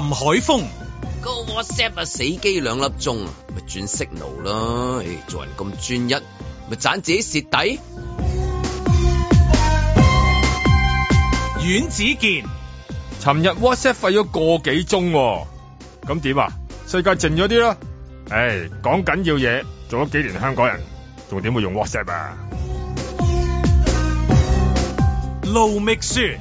林海峰，個 WhatsApp 啊，死機兩粒鐘啊，咪轉 Signal 啦！誒，做人咁專一，咪盞自己蝕底。阮子健，尋日 WhatsApp 廢咗個幾鐘，咁點啊？世界靜咗啲啦。誒、哎，講緊要嘢，做咗幾年香港人，仲點會用 WhatsApp 啊？盧覓雪。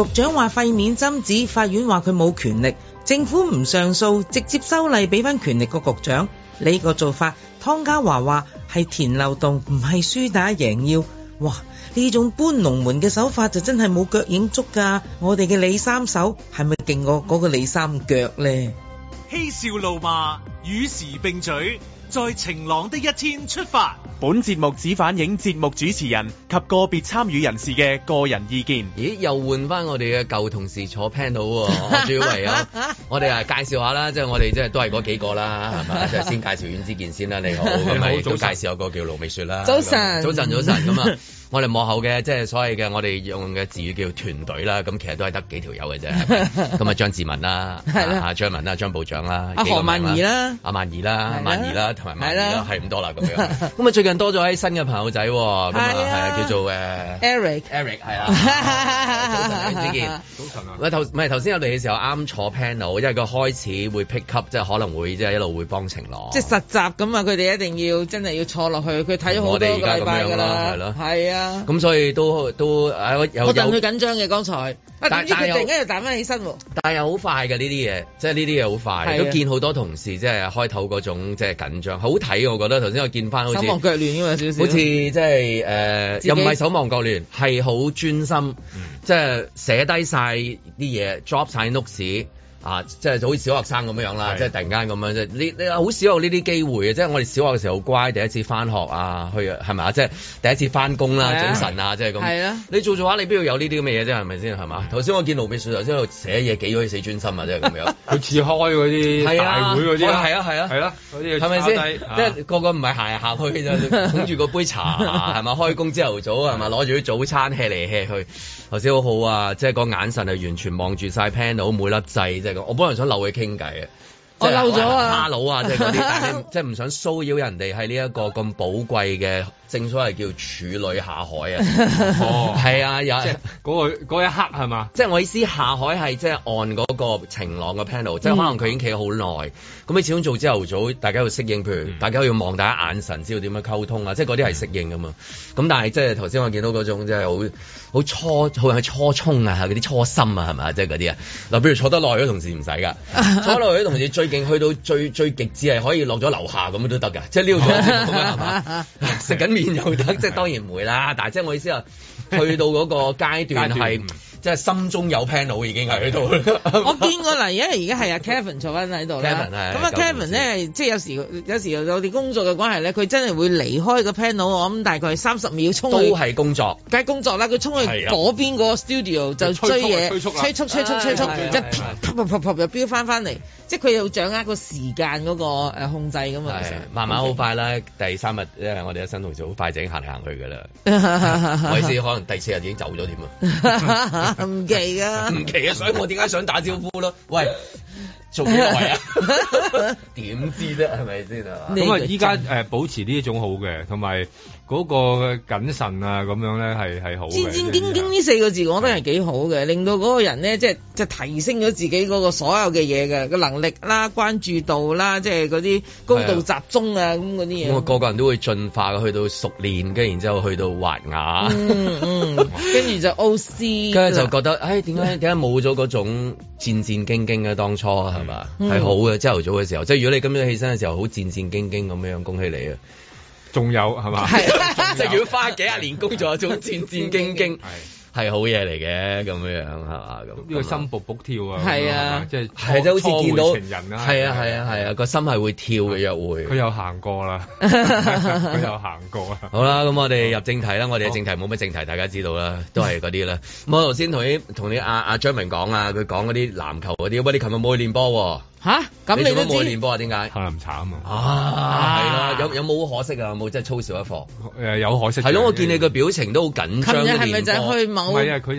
局長話廢免爭執，法院話佢冇權力，政府唔上訴，直接修例俾翻權力個局長。你、呢個做法，湯家驊話係填漏洞，唔係輸打贏要。哇！呢種搬龍門嘅手法就真係冇腳影捉噶。我哋嘅李三手係咪勁過嗰個李三腳呢？嬉笑怒罵，與時並舉。在晴朗的一天出發。本節目只反映節目主持人及個別參與人士嘅個人意見。咦？又換翻我哋嘅舊同事坐 panel 喎，哦，各 位、 哦，主要為我哋啊介紹一下啦，即 係我哋即係都係嗰幾個啦，係嘛？即 係先介紹阮子健先啦，你好，咁咪都介紹一個叫盧美雪啦， 早晨，早晨，早晨咁啊。我哋幕後嘅即係所謂嘅，我哋用嘅字語叫團隊啦。咁其實都係得幾條友嘅啫。咁 啊張志文啦，阿、啊啊、張文啦，張部長、啊、萬啦，阿何曼怡啦，阿曼怡啦，阿曼怡啦，同埋曼怡啦，係咁多啦咁樣。咁啊最近多咗啲新嘅朋友仔，咁啊係啊 叫做誒、呃、Eric Eric 係啊。 早晨啊，思健。早晨啊見。唔係頭頭先我嚟嘅時候啱坐 panel，因為佢開始會 pick up，即係可能會即係一路會幫承攬。即係實習咁啊！佢哋一定要真係要坐落去，佢睇咗好多個禮拜㗎啦，係咯，我哋而家咁樣啦，係咯，係啊。係啊 咁、嗯、所以都都誒、啊，我又戥佢緊張嘅，剛才但但係突然間又彈翻起身喎。但係又好快嘅呢啲嘢，即係呢啲嘢好快。都見好多同事即係開頭嗰種即係緊張，好睇我覺得。頭先我見翻好似手忙腳亂咁樣少少，好似即係誒、呃、又唔係手忙腳亂，係好專心，即係寫低晒啲嘢，drop 晒喺 note 啊，即係就好似小學生咁樣啦，即係突然間咁樣即係你你好少有呢啲機會嘅，即係我哋小學嘅時候好乖，第一次翻學啊，去係咪啊？即係第一次翻工啦，早晨啊，即係咁。係啦。你做做下，你邊度有呢啲咁嘅嘢啫？係咪先係嘛？頭先我見盧碧雪頭先喺度寫嘢，幾鬼死專心啊！即係咁樣。佢似開嗰啲係啊，會嗰啲係啊係啊係啦，嗰啲係咪先？即係 個個唔係行下去啫，捧住嗰杯茶係咪？ 開工朝頭早啊，咪攞住啲早餐吃嚟吃去。頭先好好啊，即係個眼神係完全望住晒 panel，每粒掣。我本來想留佢傾偈嘅，我嬲咗啊！哈佬啊，即係嗰啲，但係即係唔想騷擾人哋喺呢一個咁寶貴嘅。正所謂叫處女下海啊！ 哦，係啊，有即係嗰、 那個、一刻係嘛？即係我意思下海係即係按嗰個晴朗嘅 panel，即、嗯、係、就是、可能佢已經企咗好耐。咁、嗯、你始終做朝頭早，大家要適應，譬如大家要望大家眼神，知道點樣溝通啊！即係嗰啲係適應㗎嘛。咁但係即係頭先我見到嗰種即係好好初，好似喺初衷啊，嗰啲初心啊，係嘛？即係嗰啲啊嗱，比如坐得耐嗰同事唔使㗎， 坐得耐嗰同事最勁，去到最最極致係可以落咗樓下咁都得㗎，即係溜咗咁樣係嘛？食 緊是吧 有即係當然會啦， 但係即係我意思係去到嗰個階段係 即係心中有 panel 已經係喺度我見過喇，因為而家係阿 Kevin 坐翻喺度咧。咁 啊，Kevin 咧 即係有，有時有時有啲工作嘅關係咧，佢真係會離開個 panel。我諗大概三十秒衝去，都係工作，梗係工作啦。佢衝去嗰邊嗰個 studio、啊、就追嘢，催促、催促、催促、催 促， 一噗噗噗又飆翻翻嚟。即係佢又掌握個時間嗰個控制咁嘛、嗯，慢慢好快啦、嗯，第三日、嗯、因為我哋啲新同事快走走 好快整行行去㗎啦，還是可能第四日已經走咗添啊？唔 奇啊！唔 奇啊！所以我點解想打招呼咯？ 喂！做幾耐啊？點 知啫？係咪先啊？咁、這、啊、個！依、呃、家保持呢一種好嘅，同埋嗰個謹慎啊，咁樣咧係係好嘅。戰戰兢兢呢四個字，我覺得係幾好嘅，令到嗰個人咧，即係即係提升咗自己嗰個所有嘅嘢嘅個能力啦、關注度啦，即係嗰啲高度集中啊咁嗰啲嘢。個個人都會進化去到熟練，跟、嗯嗯嗯、 然之後去到滑牙，跟住就 OC，跟住就覺得誒點解點解冇咗嗰種戰戰兢兢嘅當初啊？係嘛？係好嘅，朝頭早嘅時候，即係如果你咁樣起身嘅時候，好戰戰兢兢咁樣。恭喜你啊！仲有係嘛？係即係如果花幾廿年工作，仲戰戰兢兢。係。 係好嘢嚟嘅，咁樣樣，係咁，呢個心卜卜跳啊，係啊，即係、係即好似見到情人啦，係啊，係啊，係啊個，啊啊啊啊啊啊啊，心係會跳嘅約，嗯、會佢又行過啦佢又行過啦。好啦，咁我哋入正題啦，我哋嘅正題冇咩正題，大家知道啦，都係嗰啲啦。咁我頭先同你同你阿阿，啊啊，張明講啊，佢講嗰啲籃球嗰啲，喂你琴日冇去練波喎，啊。吓，咁你，你知都知練波啊？點解？太唔慘啊！啊，係啦，有有冇可惜啊？有冇真係粗少一課？有，有可惜。係咯，我見你個表情都好緊張。近日係咪就係去某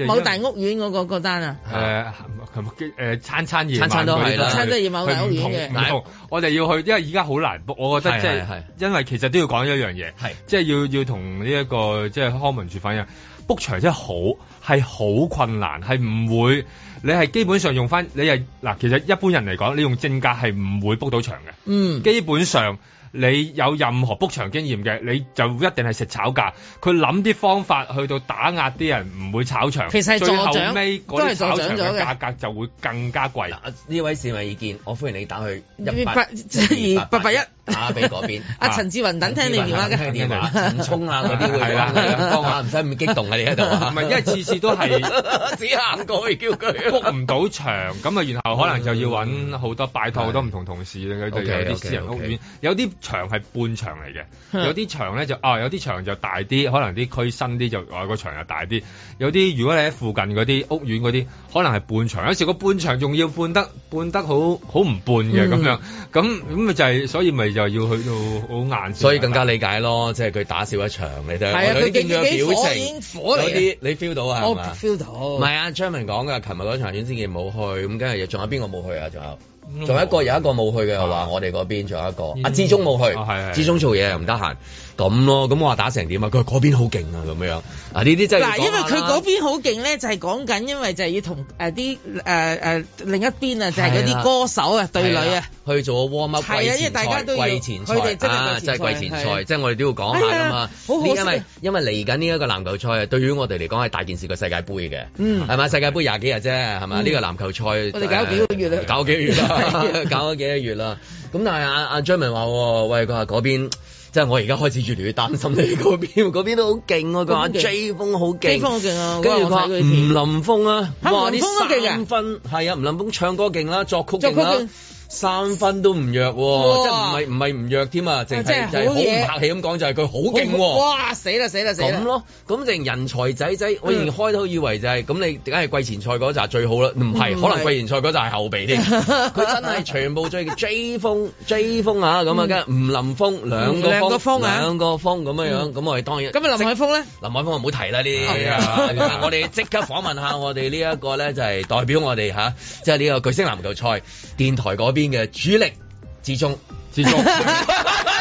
某大屋苑嗰個嗰單啊？誒，琴日誒，餐餐夜，餐餐都係啦，餐都要某大屋苑嘅。我哋要去，因為而家好難 book。我覺得即係，因為其實都要講一樣嘢，即係要要同呢一個即係康文署反映 book 場真係好係好困難，係唔會。你係基本上用翻，你係嗱，其實一般人嚟講，你用正價係唔會 book 到場嘅。嗯，基本上你有任何 book 場經驗嘅，你就一定係食炒價。佢諗啲方法去到打壓啲人，唔會炒場。其實係助長，都係助長咗嘅。最後尾炒場價格就會更加貴。呢位市民意見，我歡迎你打去一八二八八一。 打啊！俾嗰邊阿陳志雲等聽你電話嘅，陳志雲、陳聰啊嗰啲會嚟啊，唔使咁激動啊！ 你喺度唔係因為次次都係 只行過去叫佢 book 唔到場咁啊，然後可能就要揾好多拜託好多唔同同事咧，佢哋有啲私人屋苑，有啲場係半場嚟嘅、 啊，有啲場咧就啊有啲場就大啲，可能啲區新啲就外、啊嗰個場又大啲，有啲如果你喺附近嗰啲屋苑嗰啲，可能係半場，有時個半場仲要半得半得好好唔半嘅咁樣，咁咁咪就係所以咪就。啊！要去到好硬，啊，所以更加理解咯，即係佢打少一場，你睇係佢更加火面火啲，你 feel 到啊？我 feel 到，到。唔係啊，張明講㗎，琴日嗰場袁先麒冇去，咁跟住仲有邊個冇去啊？仲有，仲有，有一個有一個冇去嘅，又、啊、話我哋嗰邊仲有一個阿志忠冇去，志忠做嘢又唔得閒。咁咯，咁我話打成點啊？佢話嗰邊好勁啊，咁樣啊，呢啲真係。嗱，因為佢嗰邊好勁咧，就係講緊，因為就係要同誒啲誒誒另一邊啊，就係嗰啲歌手啊，對壘啊，去做個 warm up 係啊，因為大家都要。季前賽，佢哋真係季前賽，即係我哋都要講下㗎嘛。好好嘅。因為因為嚟緊呢一個籃球賽啊，對於我哋嚟講係大件事個世界杯嘅，嗯，係咪世界杯廿幾日啫，係咪？呢、嗯這個籃球賽我哋搞幾個月、啊、搞幾個月啦？ 搞咗幾個月啦？咁 但係阿阿 Jeremy 話，喂，佢話嗰邊。即係我而家開始越嚟越擔心你嗰邊，嗰邊都好勁喎，個 J 風好勁，J 風好勁啊！跟住話吳林峯啊，哇，啲三分係啊，吳林峯唱歌勁啦，作曲勁啦。三分都唔弱喎、哦哦，即係唔係唔係唔弱添啊？靜、哦、靜就係好唔客氣咁講，就係佢好勁喎！哇！死啦死啦死啦！咁咯，咁成人才仔仔，嗯、我以前開頭以為就係、是、咁，你梗解梗係係季前賽嗰陣最好啦？唔係、嗯，可能季前賽嗰陣係後備添。佢、嗯、真係全部追 J 風追、嗯風，風，嗯、風，風啊！咁啊，跟吳林峰兩個風兩個風咁樣樣，咁、嗯、我哋當然咁啊，林海峰咧？林海峰就唔好提啦呢啲。哦 okay 啊、 我哋即刻訪問下我哋呢一個咧，就係、是、代表我哋嚇，即係呢個巨星籃球賽電台嗰邊邊嘅主力之中，之中。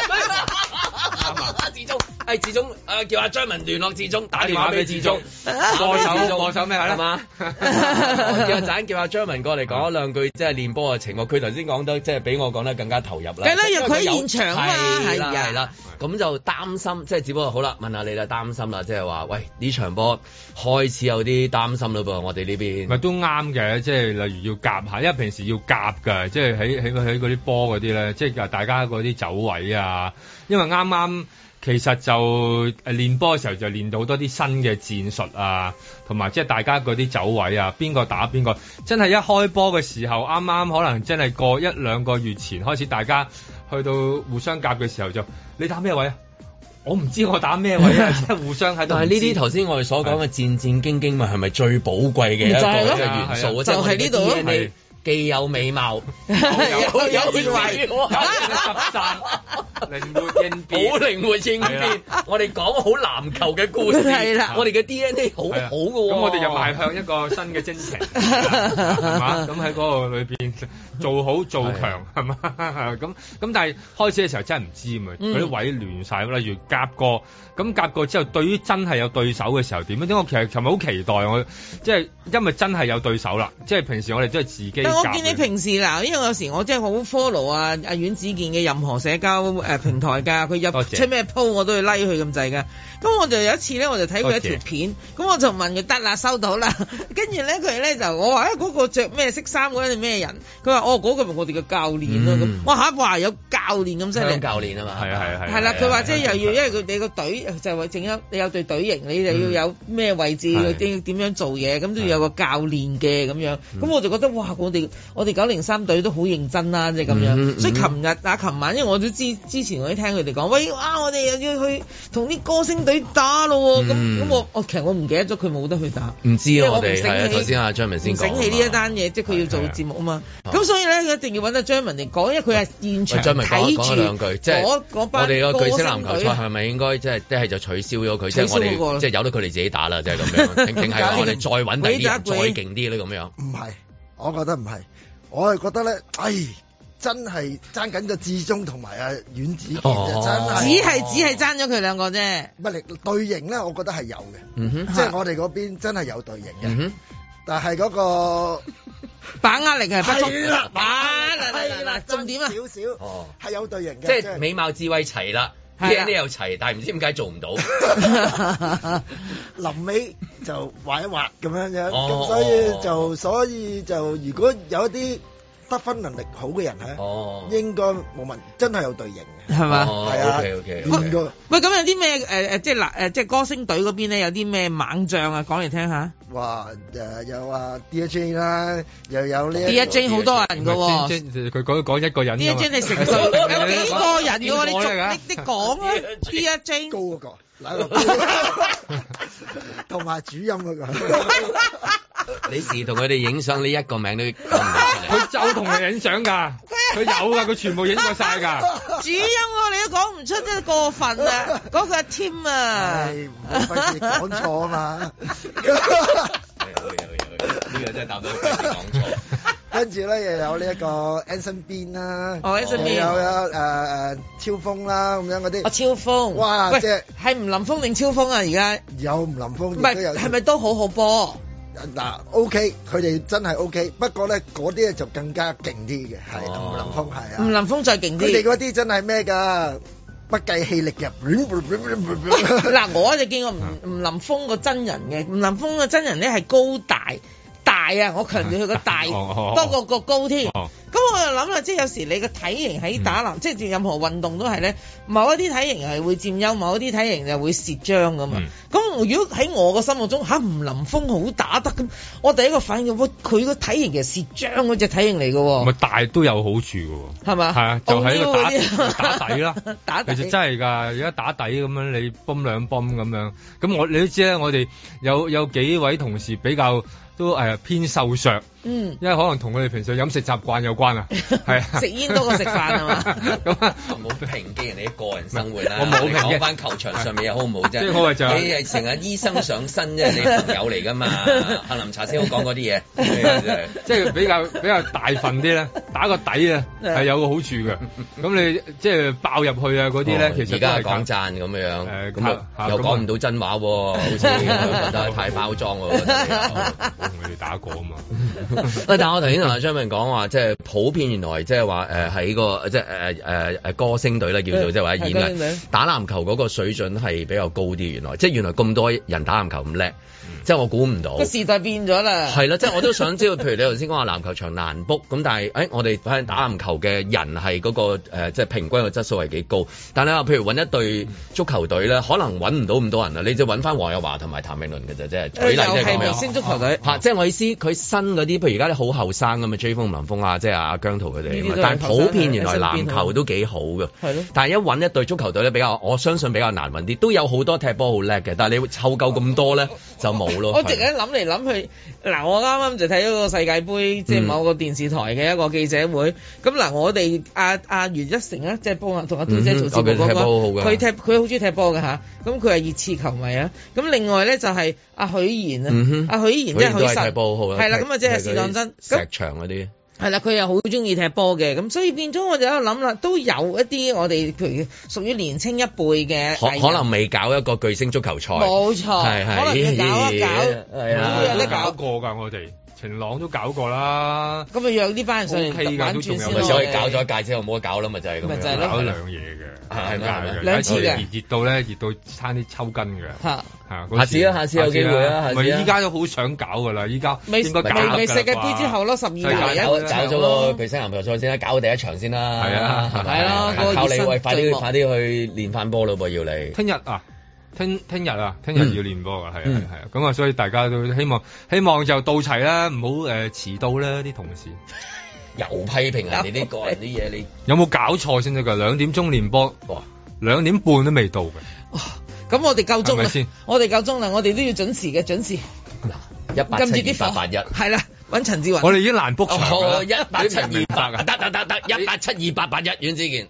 係志忠，叫阿張文聯絡志忠，中打電話俾志忠，過手過手咩係嘛？叫阿叫阿張文過嚟講一兩句， 即係練波嘅情況。佢頭先講得即係比我講得更加投入啦。梗係啦，因為佢現場啊，係啦，係啦。咁就擔心，即係只不過好啦，問下你啦，擔心啦，即係話，喂，呢場波開始有啲擔心啦噃，我哋呢邊咪都啱嘅，即係例如要夾下，因為平時要夾㗎，即係喺喺喺嗰啲波嗰啲咧，即係大家嗰啲走位啊，因為啱啱。其實就誒練波嘅時候就練到好多啲新嘅戰術啊，同埋即係大家嗰啲走位啊，邊個打邊個，真係一開波嘅時候，啱啱可能真係過一兩個月前開始，大家去到互相夾嘅時候就你打咩位，打位啊？我唔知我打咩位啊，即係互相喺度。但係呢啲頭先我哋所講嘅戰戰兢兢，咪係咪最寶貴嘅一個元素啊？就係呢度咯。既有美貌， 好有，有有才，有實習， 活靈，靈活應變，好靈活應變。我哋講好籃球嘅故事，我哋嘅 DNA 好好嘅。咁我哋又邁向一個新嘅征程，咁喺嗰個裏邊做好做強係嘛？咁咁， 但係開始嘅時候真係唔知嘛？嗰 啲位亂晒。例如夾過咁夾過之後，對於真係有對手嘅時候點？因我其實琴日好期待。我即係、就是、因為真係有對手啦，即、就、係、是、平時我哋都係自己。 我見你平時嗱，因為有時我真係好 follow 啊，阿阮子健嘅任何社交誒平台㗎，佢入出咩 po 我都去 like 佢咁滯㗎。咁我就有一次咧，我就睇佢一條片，咁我就問佢得啦，收到啦。跟住咧，佢咧就我話咧嗰個著咩色衫嗰個係咩人？佢話：哦，嗰、哎嗰個係、哦嗰個、我哋嘅教練咯、啊嗯。下一嚇話有教練咁犀利，佢教練啊嘛，係啊係啊啦，佢話即係又要因、啊就係、為佢你個隊就係話，正有你有隊型，你就要有咩位置、嗯啊啊啊啊啊、要點樣做嘢，咁都要有個教練嘅咁樣。咁我就覺得哇，我哋。我哋九零三隊都好認真啦、啊，即係咁樣、嗯嗯。所以琴日啊，琴晚，因為我都知之前我都聽佢哋講，喂，啊，我哋又要去同啲歌星隊打咯、啊。咁、嗯、咁我，我其實我唔記得咗，佢冇得去打。唔知啊，我哋係啊，先啊，張文先講。整起呢一單嘢，即係佢要做節目啊嘛。咁所以咧，一定要揾阿張文嚟講，因為佢係現場睇住。講講兩句，即係我哋個巨星籃球賽係、啊、咪應該即係一係就是就是、取消咗佢，即係、那個就是、我哋即係由得佢哋自己打啦，即係咁樣。定 係我哋再揾第二啲再勁啲咧？咁樣唔係。我覺得唔係，我係覺得呢，哎，真係爭緊咗志忠同埋阿阮子健啫，只係只係爭咗佢兩個啫。乜力隊形咧？我覺得係、哦哦、有嘅，嗯哼，即係我哋嗰邊真係有隊形嘅、嗯，但係嗰、嗰個 把握力係不足啦。嗱嗱嗱，重、啊、點，點啊，少少，係有隊形嘅，即、就、係、係、美貌智慧齊啦。啲、啊、有齊，但係唔知點解做唔到 畫畫，臨尾就畫一畫咁樣樣咁，所以就所以就如果有一啲。得分能力好嘅人咧、啊哦，應該冇問，真係有隊形嘅，係嘛？係、哦、啊。喂、okay, okay, okay。咁有啲咩誒誒，即係嗱誒，即係歌星隊嗰邊咧，有啲咩猛將啊？講嚟聽下。哇！誒、呃、有啊 DJ 啦、啊，又有呢。DJ 好多人噶、啊、喎。佢講講一個人、啊。DJ 係成， 有幾個人噶喎、啊？你仲你你講啊。啊、DJ 高嗰同 埋主， 主音啊！你試同佢哋影相，呢一個名都講唔出。佢就同佢影相㗎，佢有啊，佢全部影咗晒㗎。主音我你都講唔出，真係過分啊。講 個 team 啊，費事講錯啊嘛。 呢個真係答到講錯。跟住咧又有呢一個 Anson Bean 啦、啊，oh, 有有誒誒超風啦、啊、咁樣嗰啲。啊、oh, 超風！哇，即係係吳林峰定超風啊？而家有吳林峰，唔係係咪都好好波？嗱、啊、，OK，佢哋真係 OK，不過咧嗰啲咧就更加勁啲嘅，係、oh. 吳林峰係啊。吳林峰再勁啲。佢哋嗰啲真係咩㗎？不計氣力嘅。嗱， 我就見過吳吳林峰個真人嘅，吳林峰個真人咧係高大，大啊！我強調佢個大， 多過高添。不過我諗啦，即係有時你個體型喺打籃，嗯、即係任何運動都係咧，某一啲體型係會佔優，某一啲體型就會蝕章咁嘛。咁、嗯、如果喺我個心目中，吓吳林峰好打得咁，我第一個反應，佢個體型其實蝕章嗰隻體型嚟噶、啊，咪大都有好處噶，係嘛？係啊，就喺、是、個打底 打底啦，其實真係噶，而家打底咁樣你泵兩泵咁樣，咁我你都知咧，我哋有有幾位同事比較都誒偏瘦削。嗯，因為可能同佢哋平時飲食習慣有關 係啊，係食煙多過食飯啊嘛，咁冇評價人哋啲個人生活啦，我冇評價翻球場上面有好唔好啫，即、啊就是、你係成日醫生上身即啫， 你朋友嚟噶嘛，杏 林茶先好講嗰啲嘢，即 係、啊啊就是、比較 比較大份啲咧，打個底啊，係有個好處嘅，咁、 嗯、你即係爆入去啊嗰啲咧，其實而家係講讚咁樣，咁、呃、又講唔到真話、哦，好似 覺得太包裝， 我同佢哋、啊、 打過啊嘛。 喂， 但係我頭先同阿張明講話，即係普遍原來即係話誒喺個即係誒誒誒歌星隊咧，叫做即係話演藝，打籃球嗰個水準係比較高啲，原來即係原來咁多人打籃球咁叻。即係我估唔到個時代變咗啦。係啦，即係我都想知道，譬如你頭先講話籃球場難 book，咁但係誒、欸，我哋打籃球嘅人係嗰、那個、呃、即係平均嘅質素係幾高。但係你話譬如揾一隊足球隊咧，可能揾唔到咁多人啦。你就揾翻黃日華同埋譚詠麟嘅啫，即係舉例即係咁樣。明星足球隊嚇，即係我意思，佢新嗰啲，譬如而家啲好後生咁嘅追風林峯啊，即係阿姜濤佢哋。但係普遍原來籃球都幾好嘅。但係一揾一隊足球隊咧，比較我相信比較難揾啲，都有好多踢波好叻嘅。但係你湊夠咁多咧，就冇、啊。啊啊我，我直情諗嚟諗去，嗱我啱啱就睇咗個世界杯，嗯、即係某個電視台嘅一個記者會。咁嗱，我哋阿阿袁一成咧，啊，即係幫同阿濤姐、嗯、做節目，佢踢佢好中意踢波嘅吓。咁佢係熱刺球迷啊。咁另外咧就係阿許賢啊，阿許賢即係許神。許賢都係踢波好嘅。係啦，咁啊即係試當真，他他石場嗰啲。係啦，佢又好中意踢波嘅，咁所以變咗我就喺度諗啦，都有一啲我哋譬如屬於年青一輩嘅，可能未搞一個巨星足球賽，冇錯係係，可能要搞一搞，冇人一搞過㗎，我哋。晴朗都搞過啦，咁咪讓呢班人上嚟揼、okay、可以，可以戒之後搞咗、啊、一屆先，冇得搞啦咪就係咁樣。咪就係搞兩嘢嘅，係咪？兩次嘅。熱到咧，熱到差啲抽筋嘅。下次啦、啊，下次有機會啦、啊，下次咪依家都好想搞噶啦，依家未食嘅啲之後咯，十二廿一搞咗個巨星籃球賽先啦，搞第一場先啦。係啊，係咯、啊，啊啊啊啊嗰個、靠你喂，快啲快啲去練翻波咯噃，要你。聽日啊！聽聽日啊，聽日要練波啊，係啊係啊，咁啊，所以大家都希望希望就到齊啦，唔好誒遲到啦，啲同事。又 批評人你呢個人啲嘢， 你有冇搞錯先得噶？兩點鐘練波，哇，兩點半都未到嘅。咁、哦、我哋夠鐘啦，我哋夠鐘啦，我哋都要準時嘅，準時。嗱，一八七二八八一？係啦，搵陳志雲。我哋已經難 book 場一八七二八啊，得得得得，一八七二八八一，袁子健。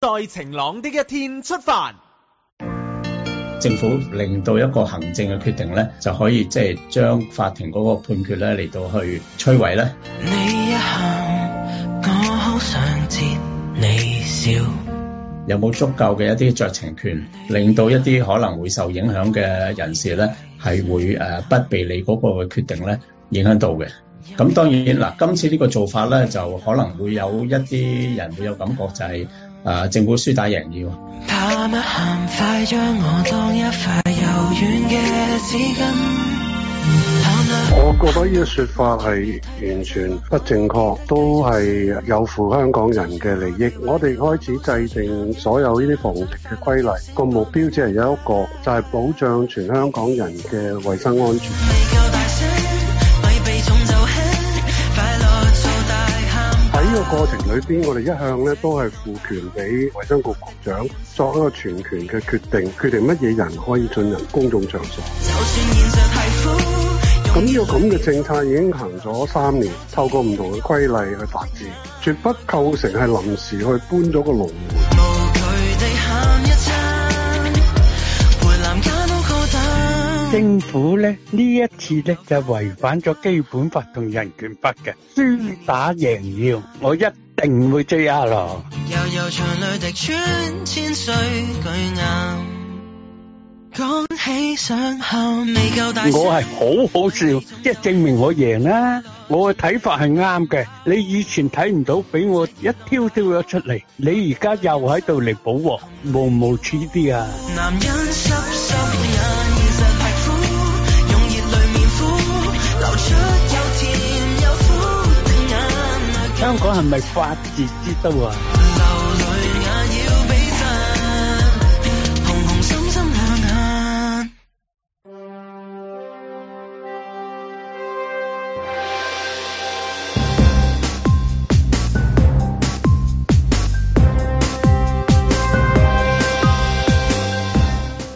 在晴朗嘅一天出發。政府令到一個行政嘅決定咧，就可以即係將法庭嗰個判決咧嚟到去摧毀咧。你一行，我好想接你笑。有冇足夠嘅一啲酌情權，令到一啲可能會受影響嘅人士咧，係會誒不被你嗰個嘅決定咧影響到嘅。咁當然嗱，今次呢個做法咧，就可能會有一啲人會有感覺就係、是。啊，政府輸打贏要。我覺得呢個説法係完全不正確，都係有負香港人嘅利益。我哋開始制定所有呢啲防疫嘅規例，個目標只係有一個，就係、是、保障全香港人嘅衛生安全。呢、這個過程裏邊，我哋一向咧都係賦權俾衞生局局長作一個全權嘅決定，決定乜嘢人可以進入公眾場所。咁、這、呢個咁嘅政策已經行咗三年，透過唔同嘅規例去發展，絕不構成係臨時去搬咗個龍門。政府咧呢一次咧就違反咗基本法同人權法嘅，輸打贏要，我一定會追阿羅。我係好好笑，即係證明我贏啦。我嘅睇法係啱嘅，你以前睇唔到，俾我一挑挑咗出嚟，你而家又喺度嚟補鑊，無無恥啲啊！男人十十人香港係咪法治之都啊？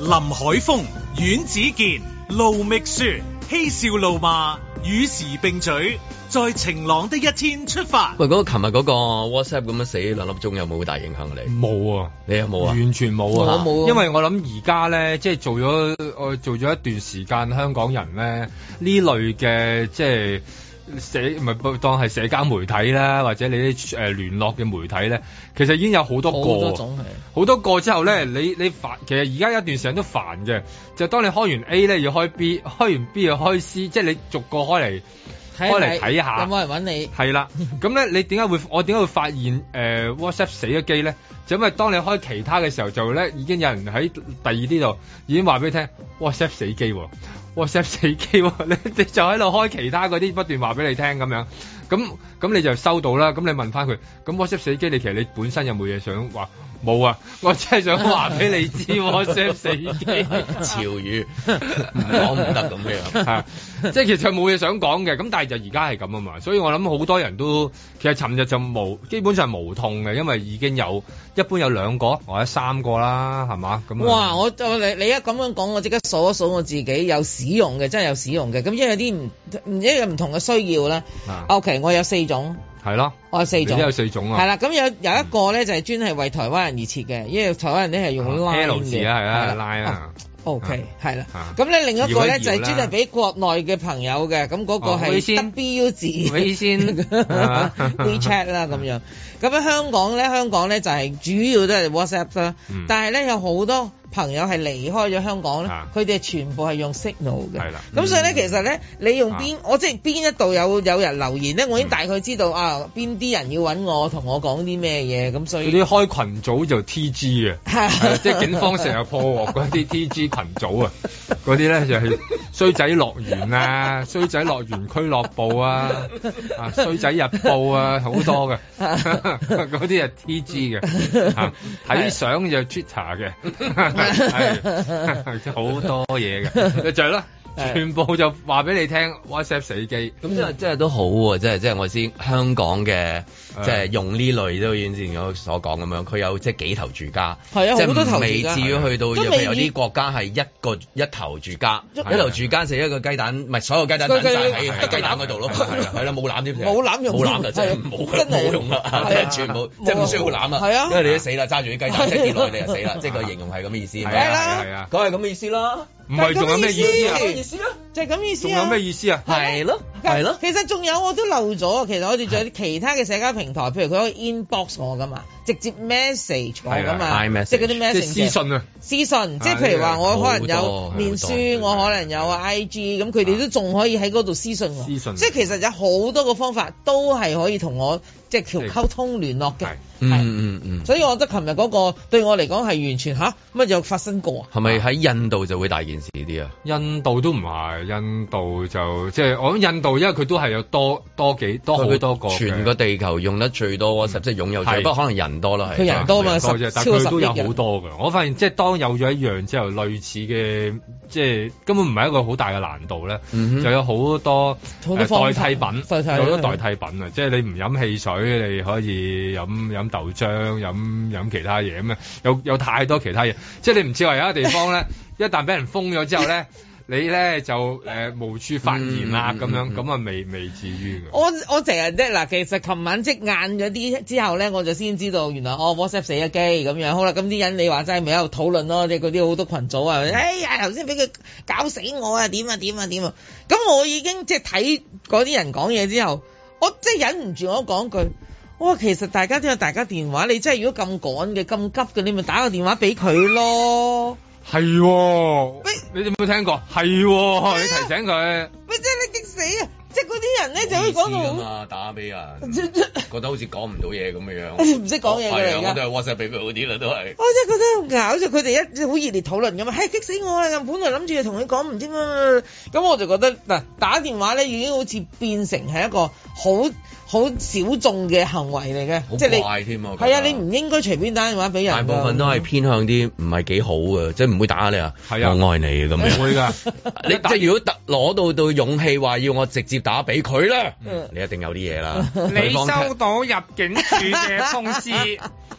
林海峰、阮子健、盧覓雪，嬉笑怒罵，與時並嘴在晴朗的一天出發。喂，嗰琴日嗰個 WhatsApp 咁樣死兩粒鐘，有冇好大影響、啊、你？冇啊，你有冇啊？完全冇啊！我冇、啊，因為我諗而家咧，即係做咗我、呃、做咗一段時間香港人咧，呢類嘅即係社唔係當係社交媒體啦，或者你啲誒、呃、聯絡嘅媒體咧，其實已經有好多個，好多種係好多個之後咧、嗯，你你煩其實而家有一段時間都煩嘅，就當你開完 A 咧要開 B，開完 B 要開 C，即係你逐個開嚟。開嚟睇下，有冇人揾你？係啦，咁咧你點解會我點解會發現誒、呃、WhatsApp 死咗機咧？就因、是、為當你開其他嘅時候，就咧已經有人喺第二啲度已經話俾你聽 WhatsApp 死機，WhatsApp 死機，你你就喺度開其他嗰啲不斷話俾你聽咁樣。咁咁你就收到啦。咁你問翻佢，咁 WhatsApp 死機，你其實你本身有冇嘢想話？冇啊，我真係想話俾你知 WhatsApp 死機。 WhatsApp 死機 潮語唔講唔得咁嘅樣，即 係、 啊就是、其實冇嘢想講嘅。咁但係就而家係咁啊嘛。所以我諗好多人都其實尋日就冇基本上無痛嘅，因為已經有一般有兩個或者三個啦，係嘛、嗯？哇！我就你你一咁樣講，我即刻數一數我自己有使用嘅，真係有使用嘅。咁因為有啲唔一樣唔同嘅需要啦、啊。O.K. 我有四種，係咯，我有四種，有四種啊，係啦，咁有有一個咧就係專係為台灣人而設嘅，因為台灣人咧係用啲 Line L 字係 Line 啦，OK 係、嗯、啦，咁咧、嗯嗯、另一個咧就係專係俾國內嘅朋友嘅，咁嗰個係 WU 字，微、哦、信 WeChat 啦 咁樣，咁喺香港咧，香港咧就係主要都係 WhatsApp 啦、嗯，但係咧有好多。朋友係離開咗香港咧，佢、啊、哋全部係用 signal 嘅，咁所以咧、嗯、其實咧，你用邊、啊、我即係邊一度有有人留言咧，我已經大概知道、嗯、啊邊啲人要搵我同我講啲咩嘢，咁所以你開群組就 T G 嘅，即係警方成日破獲嗰啲 T G 群組啊，嗰啲咧就係衰仔樂園啊、衰 仔樂園俱、啊、樂、樂部啊、衰、 啊、仔日報啊，好多嘅嗰啲係 T G 嘅，睇 相就 Twitter 嘅。 係係，即係好多嘢嘅，繼續啦。全部就話俾你聽 WhatsApp 死機，咁即係即係都好喎，即係即係我知香港嘅即係用呢類都以前我所講咁樣，佢有即係幾頭住家，即係未至於去到因為有啲國家係一個一頭住家，一頭住家就一個雞蛋，咪所有雞蛋都揸喺雞蛋嗰度咯，係啦冇攬啲嘢，冇攬用即攬就係冇啦，冇用啦，全部即係唔需要攬啊，因為你都死啦，揸住啲雞蛋即係跌落去你就死啦，即係個形容係咁嘅意思，係啊，佢係咁嘅意思咯。唔係，仲有咩意思、啊、意思啊？就係咁意思咯。仲有咩意思啊？係咯、啊，係咯。其實仲有我都漏咗啊。其實我哋仲有啲其他嘅社交平台，譬如佢可以 inbox 我㗎嘛，直接 message 我㗎嘛，就是、即係嗰啲 message 私信啊。私信，即係譬如話我可能有臉書，我可能有 IG，咁佢哋都仲可以喺嗰度私信我。私信，即係其實有好多個方法都係可以同我即係橋溝通聯絡嘅。嗯嗯嗯，所以我覺得琴日嗰個對我嚟講係完全吓，乜、啊、有發生過？係咪喺印度就會大件事啲啊？印度都唔係，印度就即係、即係、我諗印度，因為佢都係有多多幾多好多個全個地球用得最多，甚、嗯、至擁有最多，嗯、不可能人多啦，係人多嘛，係係十超過十億人。好多嘅，我發現即係當有咗一樣之後，類似嘅即係根本唔係一個好大嘅難度咧、嗯，就有好多，多，多代替品，好多代替品啊！即係你唔飲汽水，你可以飲飲。飲豆漿飲飲其他嘢咁啊，有有太多其他嘢，即係你唔知話有個地方咧， 一旦俾人封咗之後咧， 你咧就誒無處發言啦，咁、嗯嗯嗯、樣咁啊未未至於嘅。我我成日即嗱，其實琴晚即晏咗啲之後咧，我就先知道原來我、哦、WhatsApp 死咗機咁樣，好啦，咁啲人你話真係咪喺度討論咯，即係嗰啲好多群組啊，哎呀頭先俾佢搞死我啊，點啊點啊點啊，咁、啊啊、我已經即係睇嗰啲人講嘢之後，我即係忍唔住我講句。哇！其實大家都有大家電話，你真係如果咁趕嘅，咁急嘅，你咪打個電話俾佢咯。係喎。喂你哋有冇聽過？係喎。你提醒佢。咪真係激死啊！即係嗰啲人咧，就可以講到。打俾呀！ 」覺得好似講唔到嘢咁嘅樣。唔識講嘢㗎啦。係我哋 WhatsApp 俾佢好啲啦，都係。我真係覺得好似佢哋一好熱烈討論㗎嘛，係 激、哎、死我呀！咁本來諗住同佢講唔知乜，咁我就覺得嗱，打電話咧已經好似變成係一個好。好小眾嘅行為嚟嘅，啊，即係你係啊！你唔應該隨便打電話俾人。大部分都係偏向啲唔係幾好嘅，即係唔會打你啊！我愛你咁，啊、樣唔會㗎。你即係如果特攞到到勇氣話要我直接打俾佢啦，你一定有啲嘢啦。 你收到入境處嘅通知。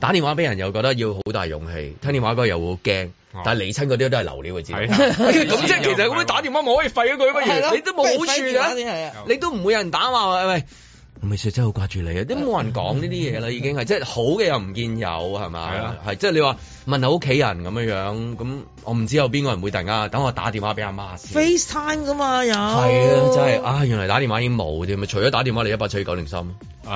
打電話俾人又覺得要好大勇氣，聽電話嗰個又會驚、哦，但係理親嗰啲都係流料嘅字。咁即係其實咁樣打電話我可以廢咗佢乜嘢，你都冇好處啦、啊，你都唔會有人打話喂。我咪真係好掛住你啊！都冇人講呢啲嘢啦，已經係即係好嘅又唔見有係咪？係 即係你話。問下屋企人咁樣樣，咁我唔知有邊個人會突然間等我打電話畀阿媽媽先 FaceTime 㗎嘛？有係啊，真係啊，原來打電話已經冇添，除咗打電話你一八七九零三，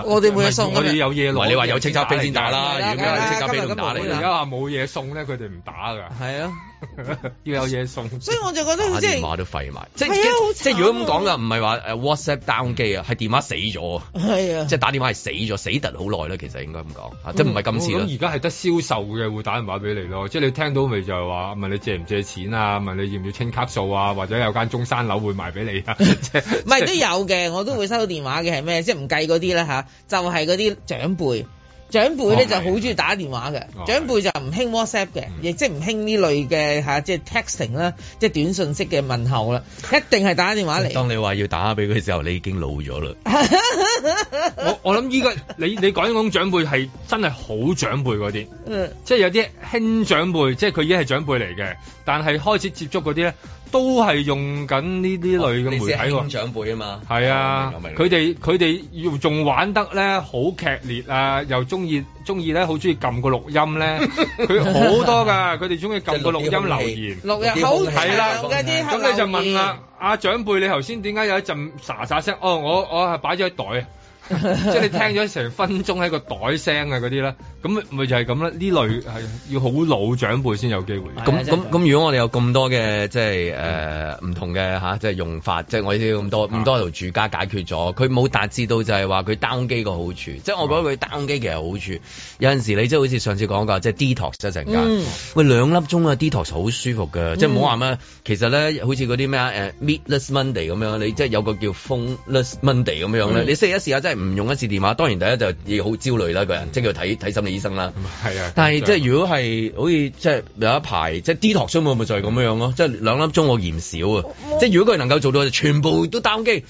我哋會送佢啲有嘢？唔係你話有叱吒兵先打啦，而家叱吒兵都打你啦。而家話冇嘢送咧，佢哋唔打㗎。係啊，啊啊 要有嘢送， 所以我就覺得打電話都廢埋、啊啊，即係如果咁講㗎，唔係話 WhatsApp down 機啊，係電話死咗，係啊，即打電話係死咗，死得好耐咧。其實應該咁講，即係唔係今次咯？而、嗯哦打俾你咯，即係你聽到咪就係話問你借唔借錢啊？問你要唔要清卡數啊？或者有間中山樓會賣俾你啊？唔係 不是 都有嘅，我都會收到電話嘅係咩？即係唔計嗰啲咧，吓，就係嗰啲長輩。長輩咧就好中意打電話嘅，oh, 長輩就唔興 WhatsApp 嘅，亦即係唔興呢類嘅，即係 texting 啦，即係短信息嘅問候啦，一定係打電話嚟。當你話要打俾佢嘅時候，你已經老咗啦 我我諗依家你你講緊長輩係真係好長輩嗰啲， 即係有啲輕長輩，即係佢已經係長輩嚟嘅，但係開始接觸嗰啲咧。都係用緊呢啲類嘅媒體喎，長輩啊嘛，係啊，佢哋佢哋要仲玩得咧好劇烈啊，又中意中意咧好中意撳個錄音咧，佢 好多㗎，佢哋中意撳個錄音留言，就係、錄入好長㗎啲，咁你就問啦，阿、啊、長輩你頭先點解有一陣沙沙聲？哦，我我係擺咗喺袋啊。 即係你聽咗成分鐘喺個袋聲啊嗰啲咧，咁咪就係咁啦？呢類係要好老長輩先有機會。咁 如果我哋有咁多嘅即係誒唔同嘅吓即係用法，即係我哋要咁多咁、啊、多條住家解決咗，佢冇達至到就係話佢 down 機個好處。即係我覺得佢 down 機其實好處，有陣時你即係好似上次講過，即係 detox 一陣間、嗯，喂兩粒鐘啊 detox 好舒服㗎、嗯。即係唔好話咩。其實呢好似嗰啲咩、uh, Meatless Monday 咁樣，你即係有個叫 phoneless Monday 咁樣呢、嗯，你四一試下、嗯真係唔用一次電話，當然第一就要好焦慮啦，個人即係要睇睇心理醫生啦。係啊，但係即係如果係好似即係有一排即係 D 託商，咪就係咁樣樣咯，即係兩粒鐘我嫌少啊、嗯！即係如果佢能夠做到，就全部都打機。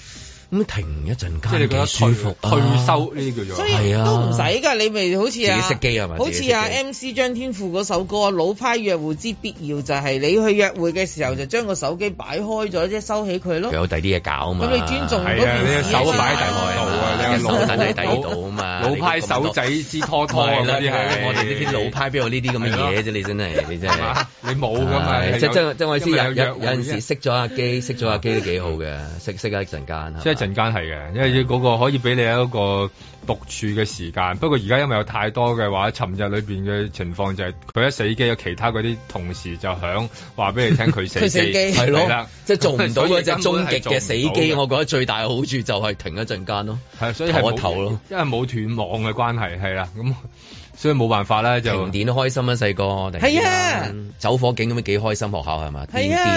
咁停一陣間、啊，即係你覺得退服、啊，退休呢啲嘅嘢係都唔使㗎，你咪好似、啊、自己熄機係咪？好似阿、啊、MC 張天賦嗰首歌《老派約會之必要》，就係、是、你去約會嘅時候就將個手機擺開咗，即係收起佢咯。有第啲嘢搞啊嘛！咁你尊重都唔度。重啊嘛！你攞緊第二度嘛！老派手仔之拖拖我哋呢啲老派邊有呢啲咁嘅嘢啫，你真係、啊、你真係、啊、你冇㗎嘛！即係有有有陣時熄咗下機，熄咗下機都幾好嘅，熄熄一陣間陣間係嘅，因為嗰個可以俾你一個獨處嘅時間。不過而家因為有太多嘅話，尋日裏邊嘅情況就係佢一死機，有其他嗰啲同事就響話俾你聽佢死機。係 咯，即係做唔到嗰隻終極嘅死機。我覺得最大嘅好處就係停一陣間咯，係所以係冇頭咯，因為冇斷網嘅關係係啦咁。所以冇辦法啦，就停電都開心啊，細個停電啊，走火警咁樣幾開心，學校係嘛？係啊，啊，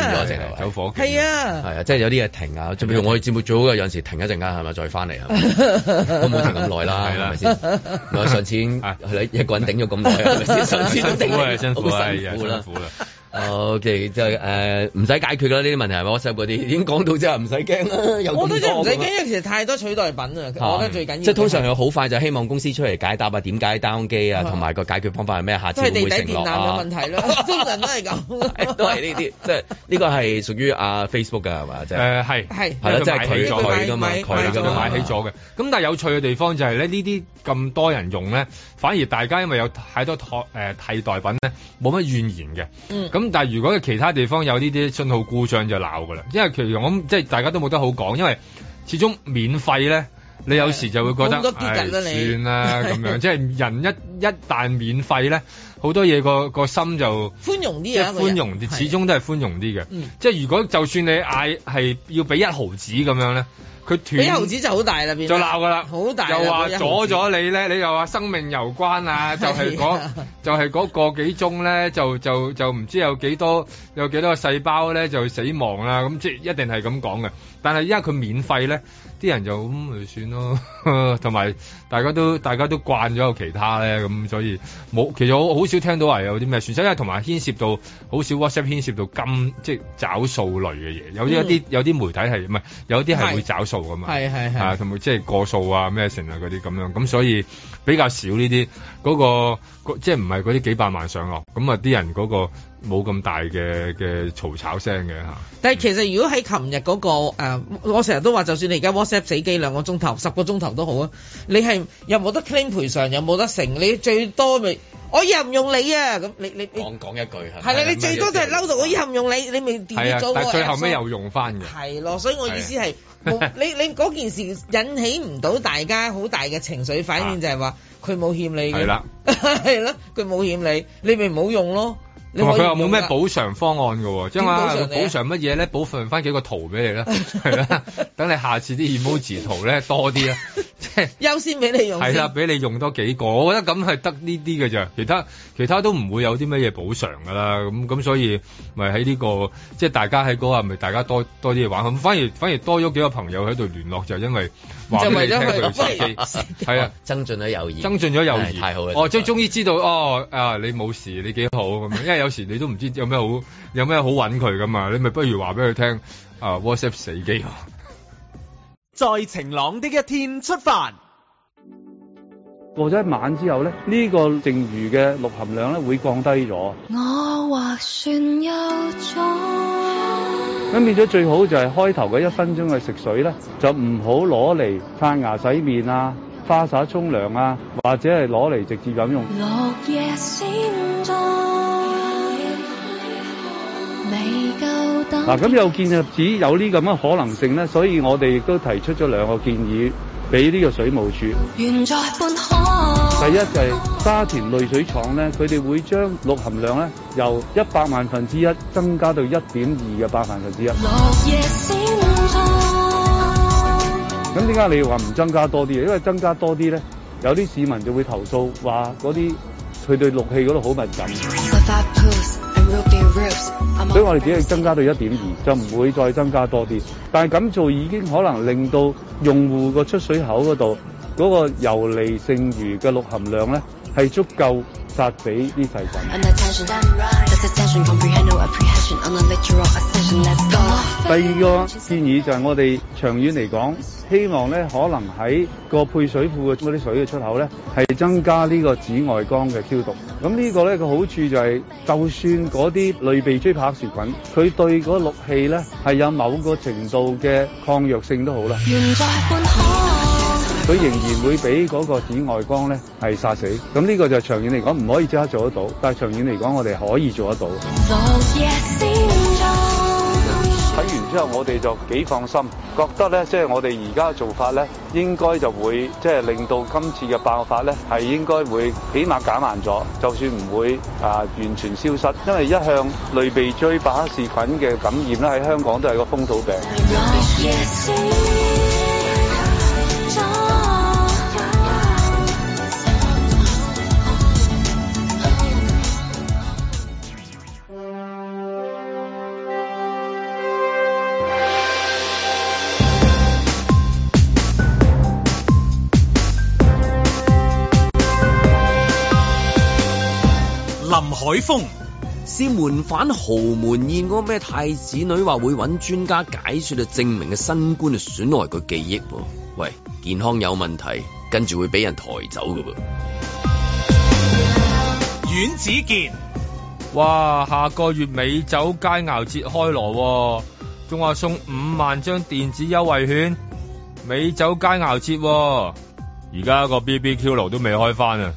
走火警係啊，係啊，啊，即係有啲嘢停啊，譬如、啊、我哋節目組嘅有陣時停一陣間係咪再翻嚟？唔好 停咁耐啦，係咪先？ 上次係你 一個人頂咗咁耐，辛苦啊，辛苦啊，辛苦啦。o、okay, k 就誒唔使解決啦，呢啲問題係嘛？WhatsApp 嗰啲已經講到之後唔使驚啦。我都真係唔使驚，其實太多取代品啦，我覺得最緊要。即係通常佢好快就希望公司出嚟解答啊，點解 down 機啊，同埋個解決方法係咩？下次會承諾啊。即係地底電纜嘅問題咯，通常都係咁，都係呢啲，即係呢個係屬於 Facebook 㗎係、呃就是、嘛？即係係係即係佢咗佢㗎嘛，佢咁樣買起咗嘅。咁但係有趣嘅地方就係、是、咧，呢啲咁多人用咧。反而大家因為有太多替替代品咧，冇乜怨言嘅。嗯，咁但係如果其他地方有呢啲信號故障就鬧噶啦，因為其實我即係大家都冇得好講，因為始終免費咧，你有時就會覺得、嗯、算啦咁樣， 即係人一一旦免費咧。好多嘢個個心就寬容啲啊，即係寬容，始終都係寬容啲嘅、嗯。即係如果就算你嗌係要俾一毫子咁樣咧，佢斷一毫子就好大啦，變就鬧㗎啦，好大又話阻咗你咧，你又話生命攸關啊，就係、是、嗰、那個、就係、是、嗰個，個幾鐘咧，就就就唔知有幾多有幾多個細胞咧就死亡啦，咁即係一定係咁講嘅。但係而家佢免費咧，啲人就咁咪、嗯、算咯，同 埋。大家都大家都慣咗有其他咧，咁所以冇，其實我好少聽到話有啲咩損失，因為同埋牽涉到好少 WhatsApp 牽涉到金，即係找數類嘅嘢。有啲一啲、嗯、有啲媒體係唔係有啲係會找數噶嘛？係係係，同埋即係過數啊咩成啊嗰啲咁樣，咁所以比較少呢啲嗰個即係唔係嗰啲幾百萬上落咁啊？啲人嗰個冇咁大嘅嘅嘈吵聲嘅嚇。但係其實如果喺琴日嗰個、呃、我成日都話，就算你而家 WhatsApp 死機兩個鐘頭、十個鐘頭都好啊，你係。又冇得 claim 賠償？又冇得成？你最多咪，我以後唔用你啊！咁你你講講一句嚇，係啦，你最多就係嬲到我以後唔用你，你咪跌咗。但係最後尾又用翻嘅。係咯，所以我意思係，你你嗰件事引起唔到大家好大嘅情緒，反應就係話佢冇欠你嘅。係啦，係啦，佢冇欠你，你咪唔好用咯。同埋佢又冇咩補償方案嘅、啊，將我補償乜嘢咧？補償翻幾個圖俾你啦、啊，係 啦、啊，等你下次啲 emoji 圖咧多啲啊，即 係優先俾你用，係啦、啊，俾你用多幾個。我覺得咁係得呢啲嘅啫，其他其他都唔會有啲乜嘢補償嘅啦、啊。咁咁所以咪喺呢個即係、就是、大家喺嗰下，咪大家多多啲玩。咁反而反而多咗幾個朋友喺度聯絡，就因為話俾你聽佢殺機，係啊，增進咗友誼，增進咗友誼，太好啦。哦，即係終於知道 哦啊，你冇事，你幾好咁，因為有時你都唔知有咩好有咩好揾，佢噶嘛，你咪不如話俾佢聽啊 WhatsApp 死機啊。在 晴朗的一天出發。過咗一晚之後咧，呢個剩餘嘅氯含量咧會降低咗。我話算又酸。咁變咗最好就係開頭嘅一分鐘去食水咧，就唔好攞嚟刷牙、洗面啊、花灑沖涼啊，或者係攞嚟直接飲用。落夜先。嗱咁、啊、又見係指有呢咁嘅可能性咧，所以我哋亦都提出咗兩個建議俾呢個水務署。第一就係沙田濾水廠咧，佢哋會將氯含量咧由一百萬分之一增加到一點二嘅百萬分之一。咁點解你話唔增加多啲？因為增加多啲咧，有啲市民就會投訴話嗰啲佢對氯氣嗰度好敏感。所以我哋只係增加到一點二，就唔會再增加多啲。但係咁做已經可能令到用戶個出水口嗰度嗰個游離剩餘嘅氯含量咧，係足夠。殺死啲細菌。第二個建議就係我哋長遠嚟講，希望咧可能喺個配水庫嘅嗰啲水嘅出口咧，係增加呢個紫外光嘅消毒。咁呢個咧個好處就係、是，就算嗰啲類鼻疽柏氏菌，佢對嗰氯氣咧係有某個程度嘅抗藥性都好啦。佢仍然會俾嗰個紫外光咧係殺死，咁呢個就係長遠嚟講唔可以即刻做得到，但係長遠嚟講我哋可以做得到。睇完之後我哋就幾放心，覺得咧即係我哋而家嘅做法咧應該就會即係、就是、令到今次嘅爆發咧係應該會起碼減慢咗，就算唔會啊、呃、完全消失，因為一向類鼻疽伯克氏菌嘅感染咧喺香港都係個風土病。海風是門返豪門宴嗰個咩太子女話會揾專家解說啊，證明嘅新冠啊損害佢記憶。喂，健康有問題，跟住會俾人抬走噶噃。阮子健，哇，下個月美酒佳肴節開鑼，仲話送五萬張電子優惠券。美酒佳肴節，而家個 B B Q 爐都未開翻啊。